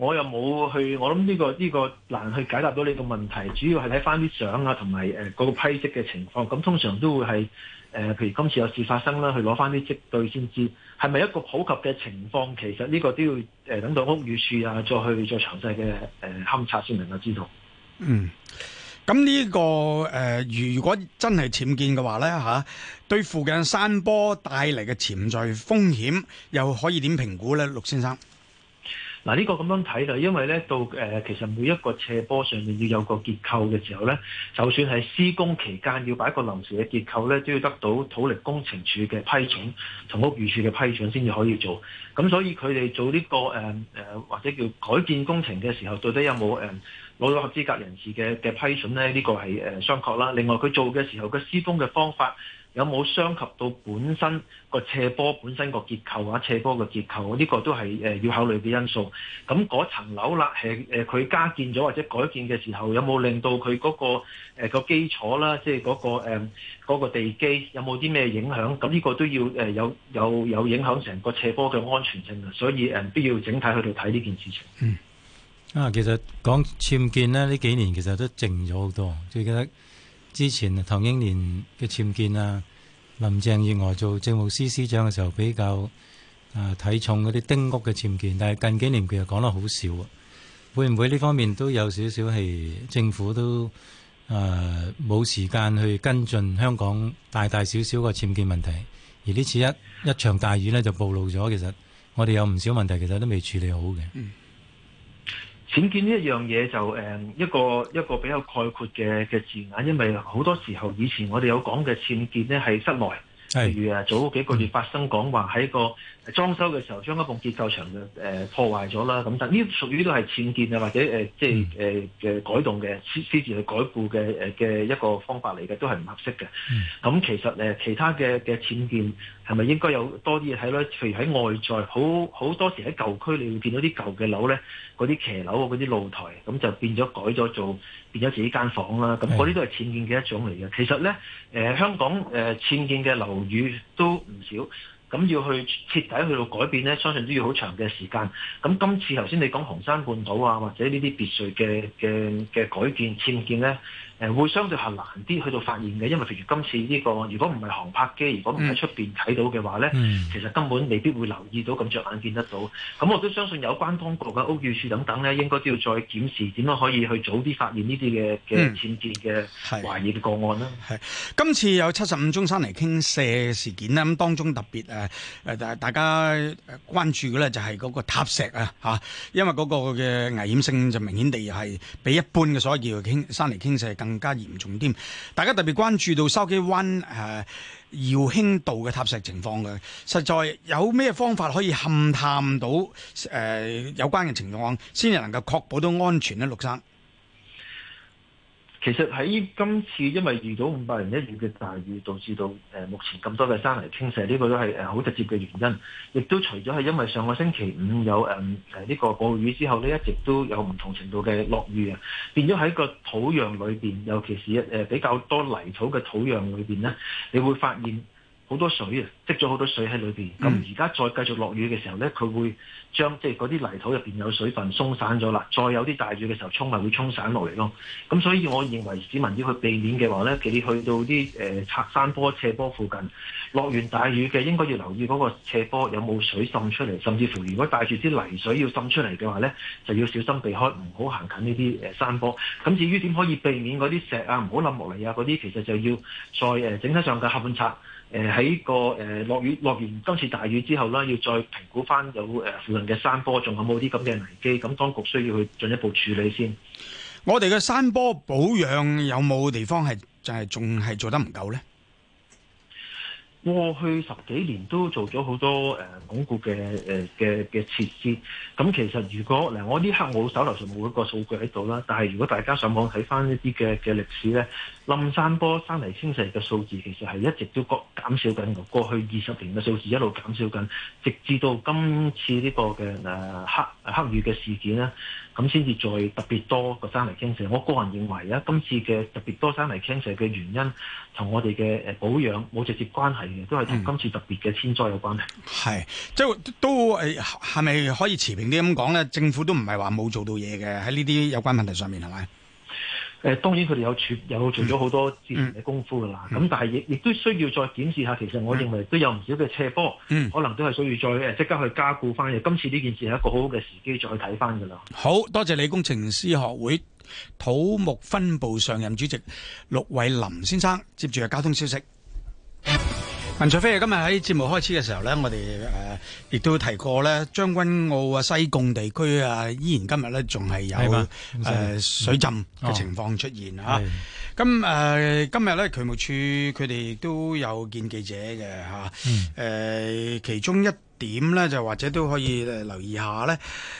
我又冇去，我諗呢、這個呢、這個難去解答到呢個問題，主要係睇翻啲相啊，同埋誒嗰個批積嘅情況。咁通常都會係誒、呃，譬如今次有事發生啦，去攞翻啲積對先知係咪一個普及嘅情況。其實呢個都要、呃、等到屋宇署啊，再去再詳細嘅誒勘測先能夠知道。嗯，咁呢、這個誒、呃，如果真係僭建嘅話咧、啊、對附近山坡帶嚟嘅潛在風險又可以點評估咧，陸先生？嗱呢個咁樣睇就，因為咧到誒、呃、其實每一個斜坡上面要有個結構嘅時候咧，就算係施工期間要擺一個臨時嘅結構咧，都要得到土力工程署嘅批准同屋宇署嘅批准先至可以做。咁所以佢哋做呢、這個誒誒、呃、或者叫改建工程嘅時候，到底有冇誒攞到合資格人士嘅嘅批准咧？呢、這個係誒商榷啦。另外佢做嘅時候嘅施工嘅方法。有冇傷及到本身個斜坡本身個結構啊？斜坡個結構，呢個都係誒、呃、要考慮嘅因素。咁嗰層樓啦，係誒佢加建咗或者改建嘅時候，有冇令到佢嗰個誒、呃、基礎啦，即係嗰個誒、呃嗰個地基有冇啲咩影響？咁呢個都要誒有有有影響成個斜坡嘅安全性啊。所以誒，必、呃、要整體去到睇呢件事情。嗯，啊，其實講僭建呢，呢幾年其實都靜咗好多，最記得。之前唐英年嘅僭建啊，林鄭月娥做政務司司長嘅時候比較啊睇重嗰啲丁屋嘅僭建，但係近幾年其實講得好少啊，會唔會呢方面都有少少係政府都誒冇、呃、時間去跟進香港大大小小嘅僭建問題？而呢次一一場大雨咧就暴露咗，其實我哋有唔少問題，其實都未處理好嘅。嗯僭建呢一樣嘢就誒一個一個比較概括嘅嘅字眼，因為好多時候以前我哋有講嘅僭建咧係室內，譬如誒早幾個月發生講話喺個。裝修嘅時候將一棟結構牆嘅誒破壞咗啦，咁但呢屬於都係僭建啊，或者誒、呃、即係誒嘅改動嘅私自去改佈嘅誒嘅一個方法嚟嘅，都係唔合適嘅。咁、嗯、其實誒其他嘅嘅僭建係咪應該有多啲嘢睇咧？譬、嗯、如喺外在，好好多時喺舊區，你會見到啲舊嘅樓咧，嗰啲騎樓啊，嗰啲露台，咁就變咗改咗做變咗自己間房啦。咁嗰啲都係僭建嘅一種嚟嘅。嗯、其實咧誒香港誒僭建嘅樓宇都唔少。咁要去徹底去到改變咧，相信都要好長嘅時間。咁今次頭先你講紅山半島啊，或者呢啲別墅嘅嘅嘅改建僭建咧。誒會相對係難啲去到發現嘅，因為譬如今次呢、這個，如果唔係航拍機，如果唔喺出面睇到嘅話咧，嗯、其實根本未必會留意到咁着眼見得到。咁我都相信有關當局嘅屋宇處等等呢，應該都要再檢視點樣可以去早啲發現呢啲嘅嘅僭建嘅懷疑嘅個案啦。今次有七十五宗山泥傾瀉事件啦，咁當中特別、呃、大家關注嘅咧就係嗰個塌石啊嚇，因為嗰個嘅危險性就明顯地係比一般嘅所謂叫做傾山泥傾瀉更。更加嚴重添，大家特別關注到筲箕灣誒耀興道嘅塌石情況，嘅，實在有咩方法可以勘探到誒、呃、有關嘅情況，先至能夠確保到安全咧，陸生？其實喺今次因為遇到五百零一月嘅大雨，導致到誒目前咁多嘅山泥傾瀉，呢個都係誒好直接嘅原因。亦都除咗係因為上個星期五有誒誒呢個暴雨之後呢，一直都有唔同程度嘅落雨啊，變咗喺個土壤裏邊，尤其是誒比較多泥土嘅土壤裏邊呢，你會發現好多水啊，積咗好多水喺裏邊。咁而家再繼續落雨嘅時候呢佢會。將即係嗰啲泥土入邊有水分鬆散咗啦，再有啲大雨嘅時候沖咪會沖散落嚟咯。咁所以我認為市民要去避免嘅話咧，佢去到啲誒、呃、拆山坡斜坡附近，落完大雨嘅應該要留意嗰個斜坡有冇水滲出嚟，甚至乎如果帶住啲泥水要滲出嚟嘅話咧，就要小心避開，唔好行近呢啲誒山坡。咁至於點可以避免嗰啲石啊唔好冧落嚟啊嗰啲，其實就要再誒、呃、整體上嘅合盤拆。誒喺個落雨落完今次大雨之後啦，要再評估翻有誒附近嘅山坡仲有冇啲咁嘅危機，咁當局需要去進一步處理先。我哋嘅山坡保養有冇地方係就係仲係做得唔夠咧？過去十幾年都做咗好多誒鞏固嘅誒嘅嘅設施。咁其實如果嗱，我呢刻我手頭上冇一個數據喺度啦，但係如果大家上網睇翻一啲嘅嘅歷史咧。冧山坡山泥傾瀉嘅數字其實係一直都減少緊嘅，過去二十年嘅數字一路減少緊，直至到今次呢個嘅誒黑黑雨嘅事件呢，咁先至再特別多個山泥傾瀉。我個人認為啊，今次嘅特別多山泥傾瀉嘅原因，同我哋嘅誒保養冇直接關係嘅，都係同今次特別嘅天災有關。係，即係、嗯、 都誒，係咪可以持平啲咁講呢？政府都唔係話冇做到嘢嘅，喺呢啲有關問題上面係咪？誒，當然佢哋有存有做咗好多自然嘅功夫噶啦，咁、嗯嗯、但係亦亦都需要再檢視一下。其實我認為都有唔少嘅斜坡，嗯、可能都係需要再即刻去加固翻嘅。今次呢件事係一個好好嘅時機，再去睇翻噶啦。好，多謝李工程師學會土木分部上任主席陸偉霖先生。接住嘅交通消息。文卓飛啊，今日喺節目開始嘅時候咧，我哋誒亦都提過咧，將軍澳啊、西貢地區啊，依然今日咧仲係有誒水浸嘅情況出現嚇。咁誒、呃、今日咧渠務處佢哋都有見記者嘅嚇，誒、啊嗯呃、其中一。點呢？就或者都可以留意下呢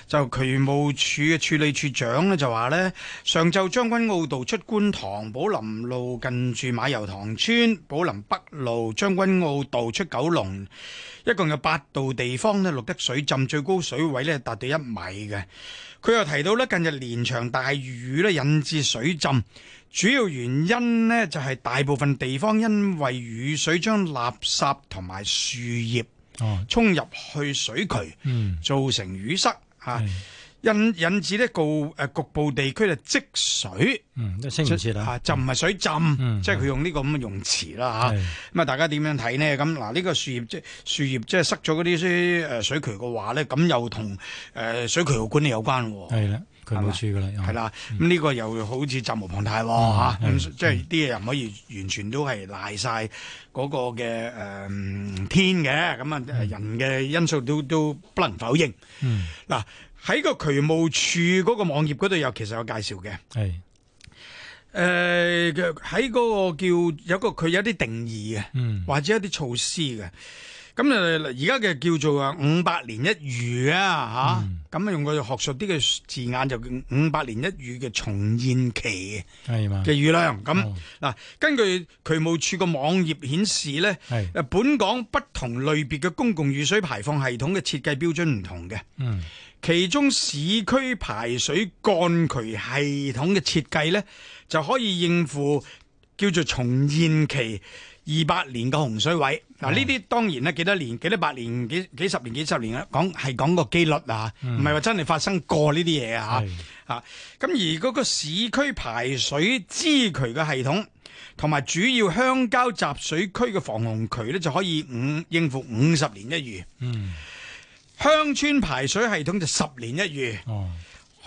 就渠務處嘅處理處長呢，就話呢：「上晝將軍澳道出觀塘寶林路近住馬油塘村、寶林北路、將軍澳道出九龍，一共有八度地方呢錄得水浸，最高水位呢達到一米嘅。佢又提到呢，近日連場大雨呢引致水浸，主要原因呢就係大部分地方因為雨水將垃圾同埋樹葉，哦，沖入去水渠，嗯造成淤塞，吓因、嗯啊、引，引致呢個誒局部地區嘅積水，嗯都升潮啦，就唔、是、係水浸，嗯、即係佢用呢個咁嘅用詞啦吓。咁、嗯、啊，的大家點樣睇呢？咁嗱，呢個樹葉即係樹葉即係塞咗嗰啲誒水渠嘅話咧，咁又同誒水渠嘅管理有關喎、啊。係啦。係冇錯噶啦，係啦，咁呢個又好似責無旁貸喎，吓咁即係啲嘢，又唔可以完全都係賴晒嗰個嘅誒天嘅，咁啊人嘅因素都都不能否認。嗯，嗱喺個渠務處嗰個網頁嗰度有，其實有介紹嘅。係，誒喺嗰個叫有一個佢有啲定義嘅，或者一啲措施嘅。咁啊，而家嘅叫做啊五百年一遇啊吓，咁啊、嗯、用佢學術啲嘅字眼就叫五百年一遇嘅重現期係嘛，嘅雨量。咁嗱，根據渠務署個網頁顯示咧，係誒、嗯，本港不同類別嘅公共雨水排放系統嘅設計標準唔同嘅，嗯，其中市區排水幹渠系統嘅設計咧就可以應付叫做重現期二百年嘅洪水位。嗱，呢啲當然啦，幾多年、幾多百年、幾幾十年、幾十年啊，講係講個機率啊，唔係話真係發生過呢啲嘢啊嚇咁、嗯、而嗰個市區排水支渠嘅系統，同埋主要鄉郊集水區嘅防洪渠呢，就可以五應付五十年一遇。嗯。鄉村排水系統就十年一遇。哦、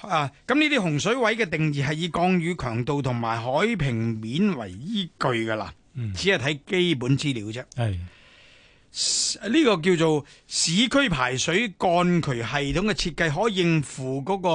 啊，咁呢啲洪水位嘅定義係以降雨強度同埋海平面為依據噶啦。嗯、只係睇基本資料啫。係、嗯。呢個叫做市區排水幹渠系統嘅設計，可以應付嗰個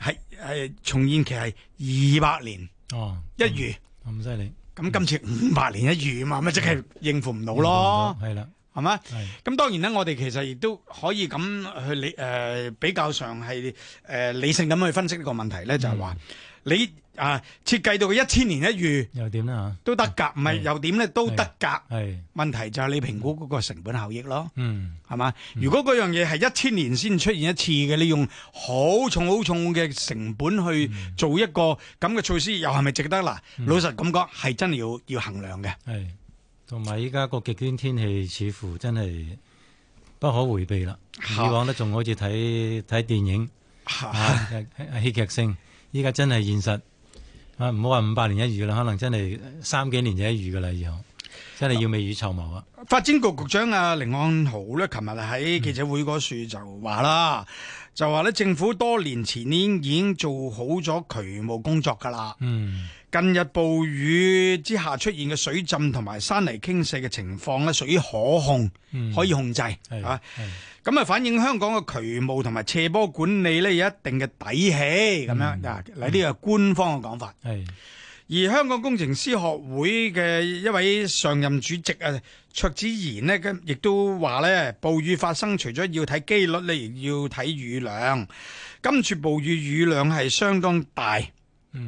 係、呃、重現期係二百年一哦一遇。咁犀利。咁今次五百年一遇嘛，咪、嗯、即係應付唔到咯。係啦、嗯，係、嗯、嘛？係。咁嗎的當然咧，我哋其實亦都可以咁去理誒、呃、比較上係誒理性咁去分析呢個問題咧，就係、是、話。嗯。你啊，設計到佢一千年一遇，又點咧？都得噶，唔係又點咧？都得噶。係問題就係你評估嗰個成本效益咯。嗯，係嘛？如果嗰樣嘢係一千年先出現一次嘅，你用好重好重嘅成本去做一個咁嘅措施，又係咪值得？嗱，老實咁講，係真係要要衡量嘅。係，同埋依家個極端天氣似乎真係不可回避啦。以往都仲好似睇睇電影，啊，戲劇性。依家真係現實啊！唔好話五百年一遇啦，可能真係三幾年就一遇噶啦，以後真係要未雨綢繆啊！發展、嗯、局局長啊，甯漢豪咧，琴日喺記者會嗰處就話啦，嗯、就話咧，政府多年前已已經做好咗渠務工作噶啦。嗯，近日暴雨之下出現嘅水浸同埋山泥傾瀉嘅情況咧，屬於可控，可以控制。係、嗯。咁啊，反映香港嘅渠務同埋斜坡管理呢有一定嘅底氣，咁、嗯、樣嗱呢個官方嘅講法，係、嗯、而香港工程師學會嘅一位上任主席啊卓子賢呢亦都話呢暴雨發生除咗要睇機率咧，亦要睇雨量。今次暴雨雨量係相當大。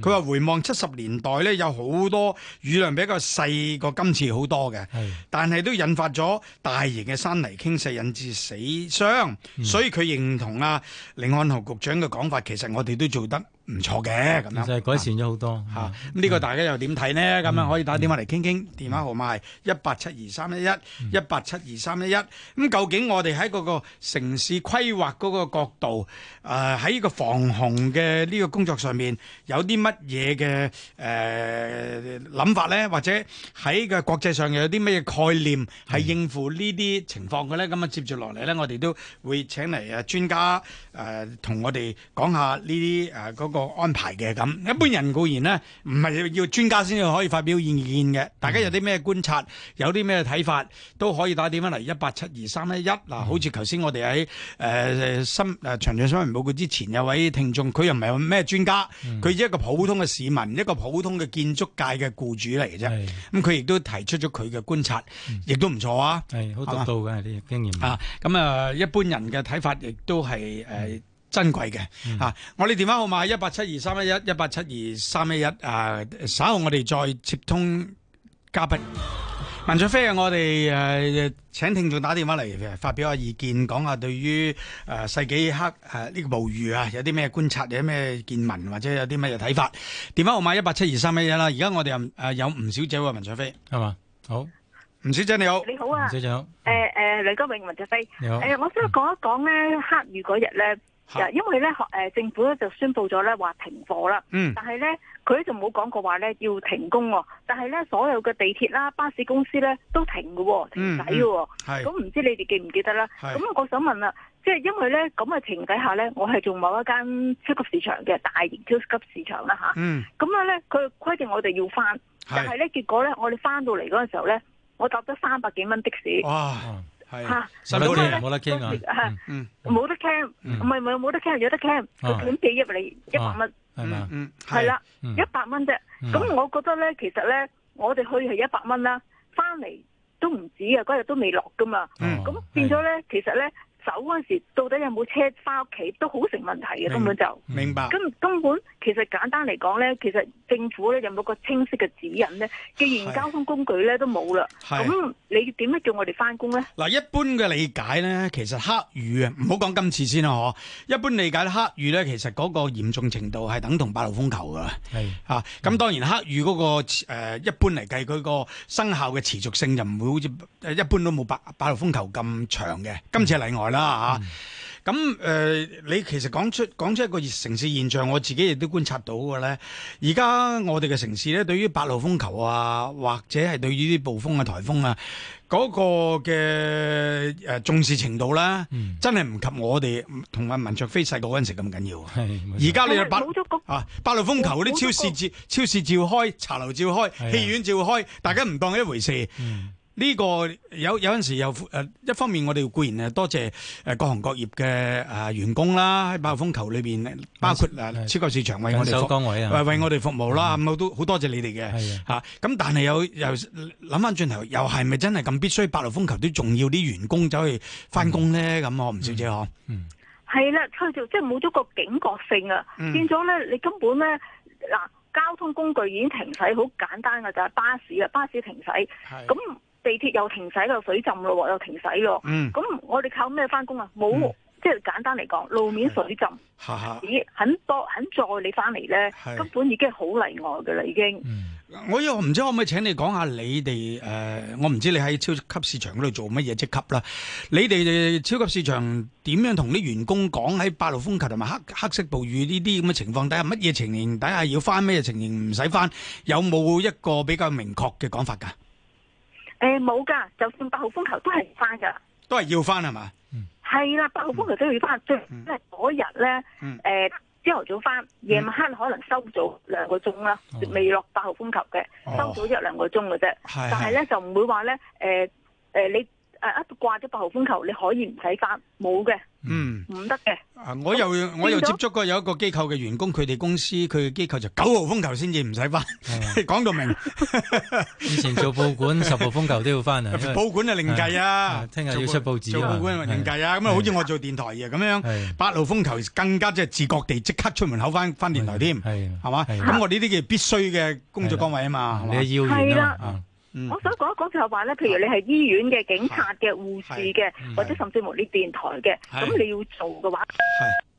佢話、嗯、回望七十年代呢，有好多雨量比較細過今次好多嘅，的但係都引發咗大型嘅山泥傾瀉，引致死傷，嗯、所以佢認同啊，甯漢豪局長嘅講法，其實我哋都做得。唔錯嘅咁樣，就係改善咗好多吓。咁呢個大家又點睇呢？咁樣可以打電話嚟傾傾。電話號碼係一八七二三一一一八七二三一一。咁究竟我哋喺嗰個城市規劃嗰個角度，誒喺個防洪嘅呢個工作上面有啲乜嘢嘅誒諗法呢？或者喺個國際上又有啲咩概念係應付呢啲情況嘅呢？咁啊接住落嚟咧，我哋都會請嚟啊專家誒同我哋講下呢啲誒嗰個。安排嘅咁，一般人固然呢，唔係要專家先至可以發表意見嘅。大家有啲咩觀察，有啲咩睇法，都可以打電話嚟一八七二三一一嗱。1, 8, 7, 2, 3, 1, 好似頭先我哋喺誒深誒長者新聞報告之前有位聽眾，佢又唔係咩專家，佢一個普通嘅市民，一個普通嘅建築界嘅雇主嚟嘅啫。咁佢亦都提出咗佢嘅觀察，亦的都唔錯啊。係好獨到嘅啲經驗啊！咁啊、呃，一般人嘅睇法亦都係誒。呃珍貴嘅嚇，我哋電話號碼一八七二三一一一八七二三一一啊，稍後我哋再接通嘉賓文卓飛啊，我哋誒請聽眾打電話嚟誒發表下意見，講下對於誒、啊、世紀黑誒呢、啊呢個暴雨啊，有啲咩觀察，有、啊、咩見聞，或者有啲乜嘢睇法。電話號碼一八七二三一一啦。而家我哋誒、啊、有吳小姐喎，文卓飛係嘛？好，吳小姐你好，你好啊，吳小姐好。誒誒、呃，李家榮文卓飛，你好。誒、呃，我想講一講咧，黑雨嗰日咧。因為咧、呃，政府咧就宣布咗咧話停課啦，嗯、但係咧佢咧就冇講過話咧要停工喎，但係咧所有嘅地鐵啦、巴士公司咧都停喎，嗯、停駛喎。咁唔、嗯、知你哋記唔記得啦？咁是我想問啦，即係因為咧咁嘅情底下咧，我係做某一間超級市場嘅大型超級市場啦嚇，咁、啊嗯、樣咧佢規定我哋要返，是但係咧結果咧我哋返到嚟嗰陣時候咧，我搭咗三百幾蚊的士。係吓，收唔到你冇得傾啊，吓，嗯，冇得傾，唔係唔係冇得傾，有得傾，佢點畀入嚟一百蚊，係咪啊？係啦，一百蚊啫，咁我覺得咧，其實咧，我哋去係一百蚊啦，翻嚟都唔止嘅，嗰日都未落噶嘛，咁變咗咧，其實咧。走嗰陣時到底有冇車翻屋企都好成問題嘅，根本就明白。咁、嗯、白根本其實簡單嚟講咧，其實政府咧有冇個清晰嘅指引咧？既然交通工具咧是都冇啦，咁是你點樣叫我哋翻工咧？嗱，一般嘅理解咧，其實黑雨啊，唔好講今次先啦，嗬。一般理解黑雨咧，其實嗰個嚴重程度係等同八號風球噶係是啊，咁當然黑雨嗰、嗰個誒、呃，一般嚟計佢個生效嘅持續性就唔會好似誒一般都冇八八號風球咁長嘅。今次係例外。啦吓咁誒，你其實講出講出一個城市現象，我自己亦都觀察到嘅咧。而家我哋嘅城市咧，對於八號風球啊，或者係對於啲暴風嘅、啊、颱風啊，嗰、那個嘅、呃、重視程度咧，嗯、真係唔及我哋同阿文卓飛細個嗰陣時咁緊要。而家你又、啊、八啊八號風球，啲超市超市照開，茶樓照開，戲院照開，的大家唔當一回事。嗯呢個有有陣時又誒，一方面我哋固然誒多謝誒各行各業嘅誒員工啦，喺八號風球裏邊，包括誒超級市場為我哋，為為我哋服務啦，咁都好多謝你哋嘅嚇。咁但係有又諗翻轉頭，又係咪真係咁必須八號風球都仲要啲員工走去翻工咧？咁我唔知啫呵。嗯，係啦，佢就即係冇咗個警覺性啊，變咗咧，你根本咧嗱交通工具已經停駛，好簡單嘅就係巴士啊，巴士停駛，咁。地鐵又停駛，又水浸咯，又停駛咯。嗯，咁我哋靠咩翻工啊？冇，嗯、即係簡單嚟講，路面水浸，咦肯多肯載你翻嚟咧，是根本已經好例外噶啦，已經、嗯。我又唔知可唔可以請你講下你哋誒、呃，我唔知你喺超級市場嗰度做乜嘢職級啦？你哋超級市場點樣同啲員工講喺八號風球同埋黑黑色暴雨呢啲咁嘅情況底下，乜嘢情形底下要翻，咩情形唔使翻？有冇一個比較明確嘅講法噶？誒，冇噶，就算八號風球都係要翻噶，都係要翻係嘛？係啦，八號風球都要翻，即係嗰日咧，誒朝頭早翻，夜晚黑可能收早兩個鐘啦，未、嗯、落八號風球嘅，哦、收早一兩個鐘嘅啫。哦、但係咧就唔會話咧，誒、呃、誒、呃、你誒一、啊、掛咗八號風球，你可以唔使翻，冇嘅。嗯，唔得嘅。我又我又接觸過有一個機構嘅員工，佢哋公司佢嘅機構就九號風球先至唔使翻，講到明。以前做報館十號風球都要翻啊。報館啊，另計啊。聽日要出報紙啊。做報館另計啊，咁啊，好似我做電台啊咁樣，八號風球更加即係自覺地即刻出門口翻翻電台添。係，係嘛？咁我呢啲叫必須嘅工作崗位啊嘛。你係要員啊。我想講一講就係話咧，譬如你係醫院嘅警察嘅護士嘅，或者甚至乎你電台嘅，咁你要做嘅話，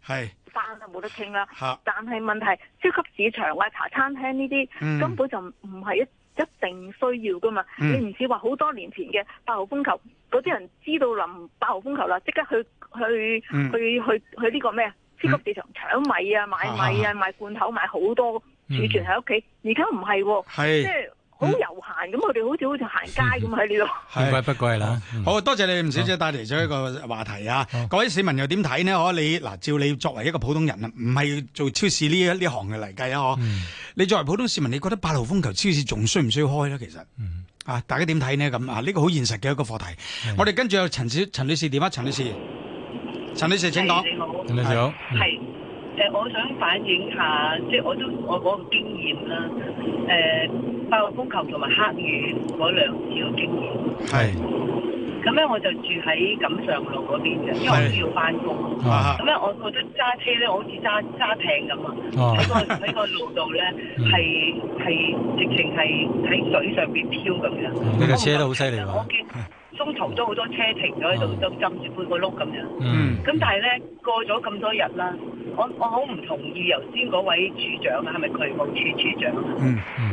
係係單啊冇得傾啦。但係問題超級市場啊、茶餐廳呢啲根本就唔係一一定需要噶嘛。你唔似話好多年前嘅八號風球，嗰啲人知道臨八號風球啦，即刻去去去去去呢個咩啊超級市場搶米啊、買米啊、買罐頭買好多儲存喺屋企。而家唔係，即係。好遊閒咁，佢哋好似好似行街咁喺呢度。不貴不貴啦，好多謝你吳小姐帶嚟咗一個話題啊！各位市民又點睇呢？我你嗱，照你作為一個普通人啊，唔係做超市呢一呢行嘅嚟計啊！你作為普通市民，你覺得八號風球超市仲需唔需要開咧？其實，啊，大家點睇呢？咁啊，呢個好現實嘅一個課題。我哋跟住有陳女士點啊？陳女士，陳女士請講。你好。陳女士好。誒、呃，我想反映下，即係我都我嗰個經驗啦。誒、呃，包括風球同埋黑雨嗰兩次嘅經驗。係是。咁咧，我就住喺錦上路嗰邊嘅，因為我都要翻工咁咧，是啊、我覺得揸車咧，我好似揸揸艇咁啊。喺個喺個路度咧，係係直情係喺水上邊漂咁樣。呢架車都好犀利喎！中途都好多車停咗喺度，就浸住半個碌咁樣。嗯，咁但係咧，過咗咁多日啦，我我好唔同意。頭先嗰位處長係咪渠務處處長？嗯嗯，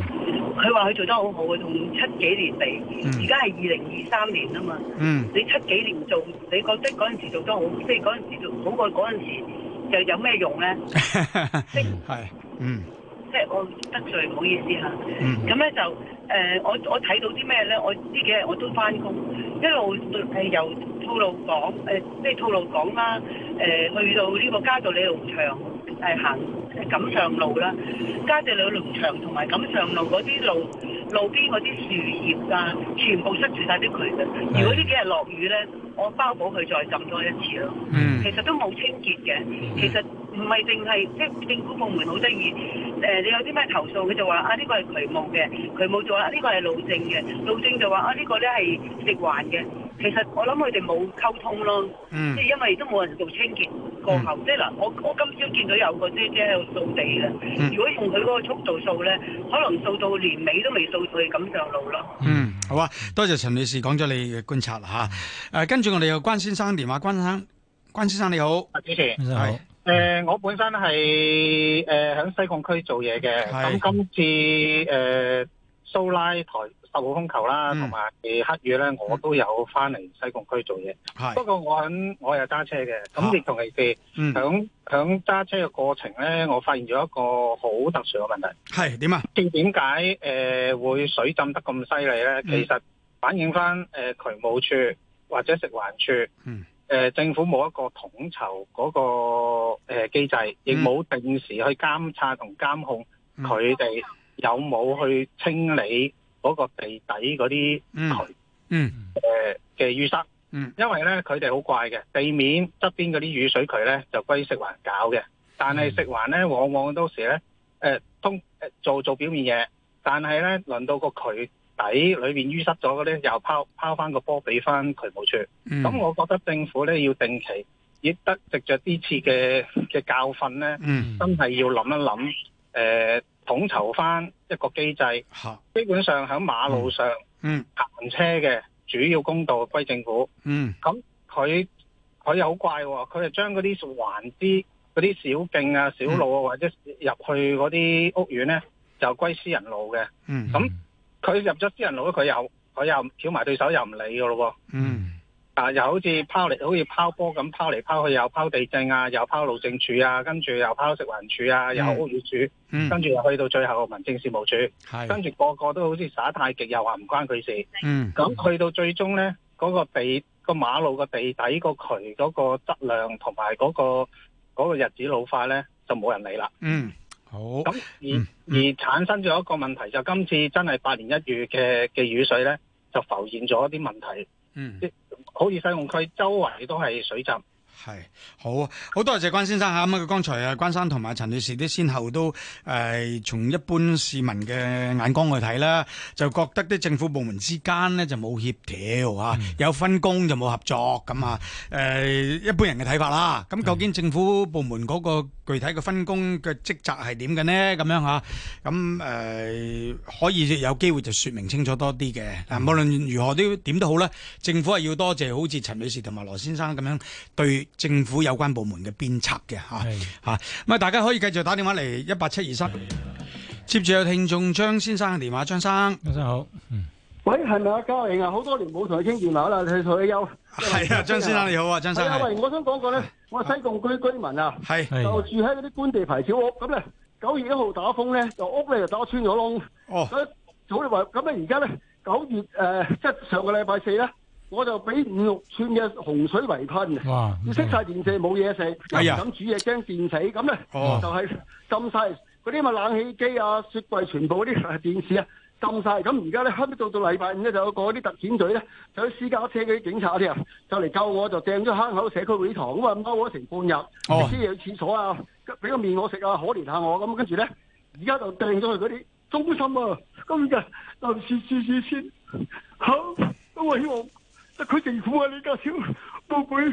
佢話佢做得好好嘅，同七幾年嚟，而家係二零二三年啊嘛。嗯，你七幾年做，你覺得嗰陣時做得好，即係嗰陣時做唔好過嗰陣時，又有咩用咧？ 即係，嗯。即係我得罪，唔好意思嚇。咁咧、嗯、就誒、呃，我我睇到啲咩咧？我呢我幾日我都翻工，一路對誒由吐露港誒，即係吐露港啦。誒、呃、去到呢個嘉道理農場係行錦上路啦，嘉道理農場同埋錦上路嗰啲路路邊嗰啲樹葉啊，全部塞住晒啲渠嘅。嗯、如果這幾呢幾日落雨咧，我包保佢再浸多一次咯。嗯，其實都冇清潔嘅，嗯、其實。唔係淨係即係政府部門好得意。誒，你有啲咩投訴，佢就話啊，呢個係渠務嘅，渠務做啦。呢個係路政嘅，路政就話啊，呢個咧係食環嘅。其實我諗佢哋冇溝通咯，即係因為都冇人做清潔過後。即係嗱，我我今朝見到有個姐姐喺度掃地嘅。如果用佢嗰個速度掃咧，可能掃到連尾都未掃到，咁上路咯。嗯，好啊，多謝陳女士講咗你嘅觀察嚇。誒，跟住我哋有關先生電話，關生，關先生你好，主持人，先生好。誒、呃，我本身係誒喺西貢區做嘢嘅。咁是今次誒、呃、蘇拉台十號風球啦，同埋、嗯、黑雨咧，我都有翻嚟西貢區做嘢。是不過我喺我又揸車嘅。咁你、啊、同佢哋響響揸車嘅過程咧，我發現咗一個好特殊嘅問題係點啊？點解誒會水浸得咁犀利咧？嗯、其實反映翻誒、呃、渠務處或者食環處誒、嗯呃、政府冇一個統籌嗰、那個。誒、呃、機制亦冇定時去監察同監控佢哋有冇去清理嗰個地底嗰啲渠，嗯，嗯，誒嘅淤塞，嗯，呃、因為咧佢哋好怪嘅，地面側邊嗰啲雨水渠咧就歸食環搞嘅，但係食環咧往往都時咧誒通做做表面嘢，但係咧輪到個渠底裏面淤塞咗嘅咧又拋拋翻個波俾翻渠務處，咁、嗯嗯、我覺得政府咧要定期。亦得藉着次呢次嘅嘅教訓咧，嗯、真係要諗一諗，誒、呃、統籌翻一個機制。哈基本上喺馬路上、嗯、行車嘅主要公道歸政府。咁佢佢又好怪，佢係將嗰啲環之、嗰啲、哦、小徑啊、小路啊，嗯、或者入去嗰啲屋苑咧，就歸私人路嘅。咁佢、嗯、入咗私人路佢又佢又挑埋對手又唔理噶咯喎。嗯啊！又好似拋嚟，好似拋波咁拋嚟拋去，又拋地政啊，又拋路政署啊，跟住又拋食環署啊，又屋宇署，跟、嗯、住又去到最後民政事務處，是跟住個個都好似耍太極，又話唔關佢事。嗯，咁去到最終呢，嗰、那個地、個馬路、個地底、個渠嗰個質量同埋嗰個嗰、那個、日子老化呢，就冇人理啦。嗯，好。咁而、嗯、而產生咗一個問題，就今次真係八年一遇嘅嘅雨水呢，就浮現咗一啲問題。嗯， 好似西貢區周圍都係水浸。係好，好多謝關先生吓。咁佢剛才啊，關生同埋陳女士啲先後都誒，從、呃、一般市民嘅眼光去睇啦，就覺得啲政府部門之間呢就冇協調吓，嗯、有分工就冇合作咁啊。誒、呃，一般人嘅睇法啦。咁究竟政府部門嗰個具體嘅分工嘅職責係點嘅呢？咁樣吓，咁誒、呃，可以有機會就說明清楚多啲嘅。嗱、嗯，無論如何都點都好咧，政府係要多謝好似陳女士同埋羅先生咁樣對。政府有關部門嘅編輯嘅嚇嚇，咁啊大家可以繼續打電話嚟一八七二三。接住有聽眾張先生嘅電話，張生，張生好。喂，係咪啊？嘉榮啊，好多年冇同你傾電話啦，你退休？係啊，張先生你好啊，張生。嘉榮，我想講個咧，我西貢區居民啊，就住喺嗰啲官地牌小屋，咁咧九月一號打風咧，就屋咧就打穿咗窿。哦。咁早你話，咁咧而家咧九月誒，即係上個禮拜四咧。我就俾五六寸嘅洪水圍困，要熄晒電掣，冇嘢食，又唔敢煮嘢，驚、哎、呀電死，咁咧、哦、就係浸晒嗰啲咪冷氣機啊、雪櫃，全部嗰啲電視啊浸晒，咁而家咧，後尾到到禮拜五咧，就有啲特遣隊咧，就有私家車啲警察啲人就嚟救我，就掟咗坑口社區會堂咁啊，踎咗成半日，唔知去廁所啊，俾個麵我食啊，可憐下我咁，跟住咧而家就掟咗去嗰啲中心啊，今日。臨時住住先，好、 啊，我希望。佢政府啊，李家超，不唔會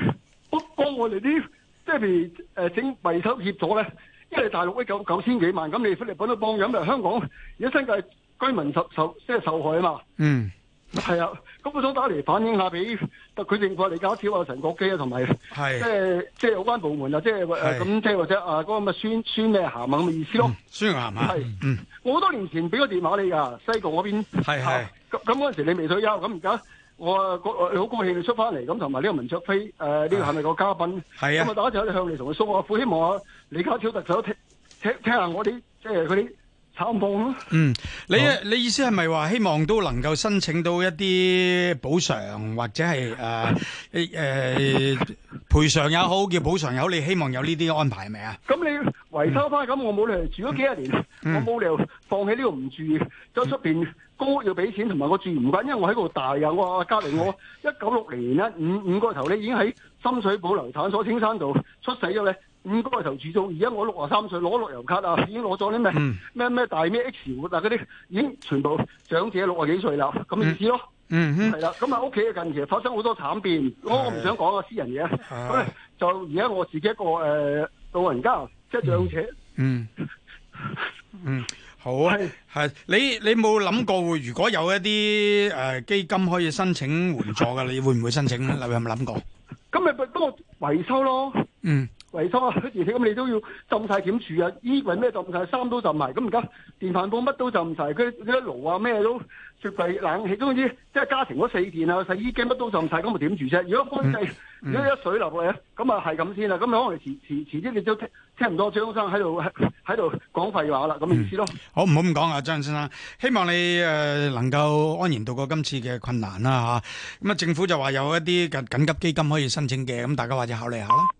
幫我哋啲即係誒整維修協助咧？因為大陸咧九九千幾萬，咁你菲律賓都幫咁咪香港而家新界居民受受即係受，受害啊嘛。嗯，係啊，咁我想打嚟反映下俾，特區政府啊，李家超啊，陳國基啊，同埋即係即有關部門啊，即係咁是、呃，即係或者啊嗰、嗰個乜孫孫咩鹹文咁嘅意思咯。孫鹹啊？嗯，是嗯我好多年前俾個電話你噶西貢嗰邊，係咁咁嗰陣時你未退休，咁而家。我啊，好高興你出翻嚟，咁，同埋呢個文卓飛，誒，呢個係咪個嘉賓？係啊。咁啊，大家就喺度向你同佢訴，我好希望啊，李家超特首聽聽下我啲，即係嗰啲慘況咯。嗯，你你意思係咪話希望都能夠申請到一啲補償或者係誒誒賠償也好，叫補償也好，你希望有呢啲安排係咪啊？咁你維修返咁，我冇理由住咗幾廿年，我冇理由放棄呢度唔住，走出邊。公屋要俾錢，同埋我住唔慣，因為我喺度大啊！我隔籬，我一九六零年咧五五個頭咧已經喺深水埗留產所青山道出世咗咧，五個頭住到，而家我歲六十三歲攞樂悠卡啊，已經攞咗啲咩咩咩大咩 X 活嗱嗰啲，已經全部長者六十幾歲啦，咁意思咯，係啦、嗯哼，咁啊屋企嘅近期發生好多慘變，我唔想講個私人嘢，咁的就而家我自己一個誒、呃、老人家即、就是、長者，嗯嗯。嗯嗯好啊，係，你你冇諗過會，如果有一啲誒基金可以申請援助嘅，你會唔會申請咧？你有冇諗過？咁咪不過維修咯，嗯，維修啊，而且咁你都要浸晒點住啊，衣櫃咩浸晒，衫都浸埋。咁而家電飯煲乜都浸晒，佢啲爐啊咩都雪櫃冷氣，總之即係家庭嗰四件啊，洗衣機乜都浸晒，咁咪點住啫？如果控制。一水流嚟咧，咁啊係咁先啦。咁你可能遲遲遲啲，你都聽唔到張生喺度喺度講廢話啦。咁嘅意思咯。好唔好咁講啊，張先生？希望你誒、呃、能夠安然度過今次嘅困難啦嚇。咁啊，政府就話有一啲緊急基金可以申請嘅。咁大家或者考慮下啦。